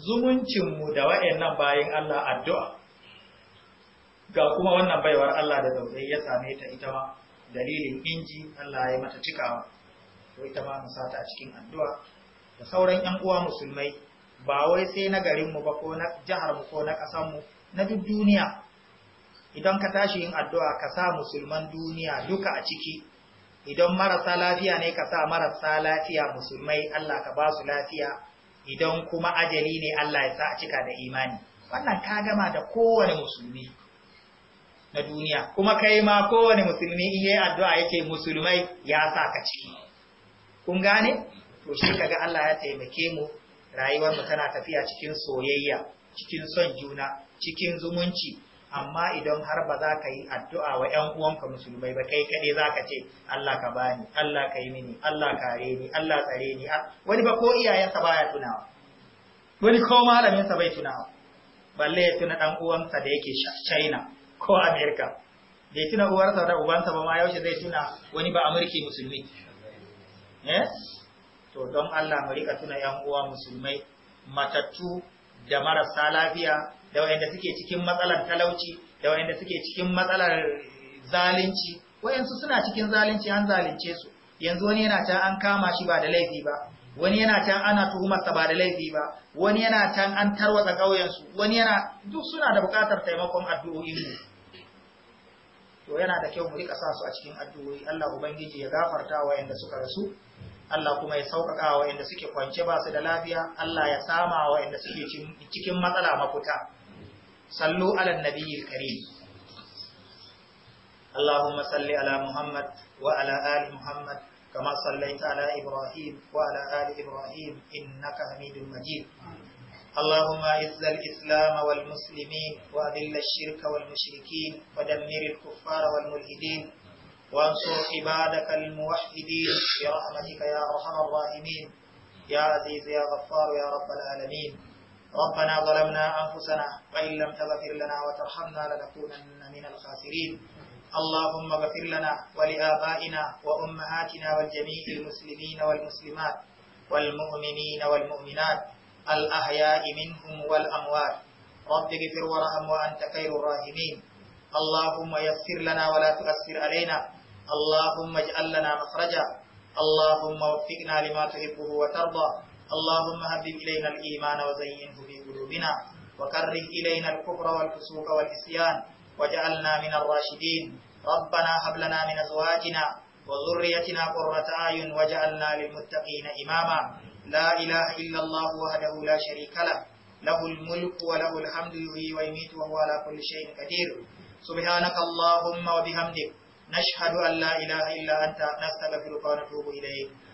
zumuncinmu da wa'annan bayan Allah addu'a ga kuma wannan baiwar Allah da tausayi ya same ta ita ma dalilin inji Allah ya mata cikawa to ita ma musata a cikin addu'a da sauran ‘yan uwa musulmai ba wai sai na garinmu ba ko na jiharmu ko na ƙasanmu na duk duniya idan ka tashi yin addu'a ka sa musulman duniya duka a ciki idan marasa lafiya ne ka sa marasa lafiya musulmai Allah ka ba su lafiya idan kuma ajali ne Allah ya sa a cika da imani wannan ka gama da kowane musulmi na duniya kuma kai ma kowane musulmi in yayi addu'a yake musulmai ya sa ka ciki kun gane to shi kaga Allah ya taimake mu rayuwar mu tana tafiya cikin soyayya cikin son juna cikin zumunci amma idan har ba za ka yi addu'a wa ‘yan uwanka musulmai ba kai kaɗai za ka ce Allah ka bani Allah ka yi mini Allah ka re ni Allah tsare ni wani ba ko iyayensa baya tunawa wani ko malaminsa bai tunawa balle ya tuna ɗan uwansa da yake China ko America bai tuna uwarsa da ubansa ba ma yaushe zai tuna wani ba amurki musulmi eh to don Allah mu rika tuna ‘yan uwa musulmai matattu da marasa lafiya da wayanda suke cikin matsalar talauci da wayanda suke cikin matsalar zalunci wayansu suna cikin zalunci an zalunce su yanzu wani yana can an kama shi ba da laifi ba wani yana can ana tuhumarsa ba da laifi ba wani yana can an tarwatsa ƙauyensu wani yana duk suna da buƙatar taimakon mu. to yana da kyau mu rika sa su a cikin addu'o'i Allah ubangiji ya gafarta wa yanda suka rasu Allah kuma ya sauƙaƙa wa yanda suke kwance ba su da lafiya Allah ya sama wa yanda suke cikin matsala mafuta sallu ala nabiyil karim اللهم صل على محمد وعلى آل محمد كما صليت على إبراهيم وعلى آل إبراهيم إنك حميد مجيد اللهم اعز الإسلام والمسلمين وأذل الشرك والمشركين ودمر الكفار والملحدين وانصر عبادك الموحدين برحمتك يا أرحم الراحمين يا عزيز يا غفار يا رب العالمين ربنا ظلمنا أنفسنا وإن لم تغفر لنا وترحمنا لنكونن من الخاسرين اللهم اغفر لنا ولآبائنا وأمهاتنا والجميع المسلمين والمسلمات والمؤمنين والمؤمنات الأحياء منهم والأموات رب اغفر وارحم وأنت خير الراحمين اللهم يسر لنا ولا تؤثر علينا اللهم اجعل لنا مخرجا اللهم وفقنا لما تحبه وترضى اللهم هبب إلينا الإيمان وزينه في قلوبنا وكره إلينا الكفر والفسوق والعصيان وجعلنا من الراشدين ربنا هب لنا من أزواجنا وذريتنا قرة أعين وجعلنا للمتقين إماما لا إله إلا الله وحده لا شريك له له الملك وله الحمد يحيي ويميت وهو على كل شيء قدير سبحانك اللهم وبحمدك نشهد أن لا إله إلا أنت نستغفرك ونتوب إليك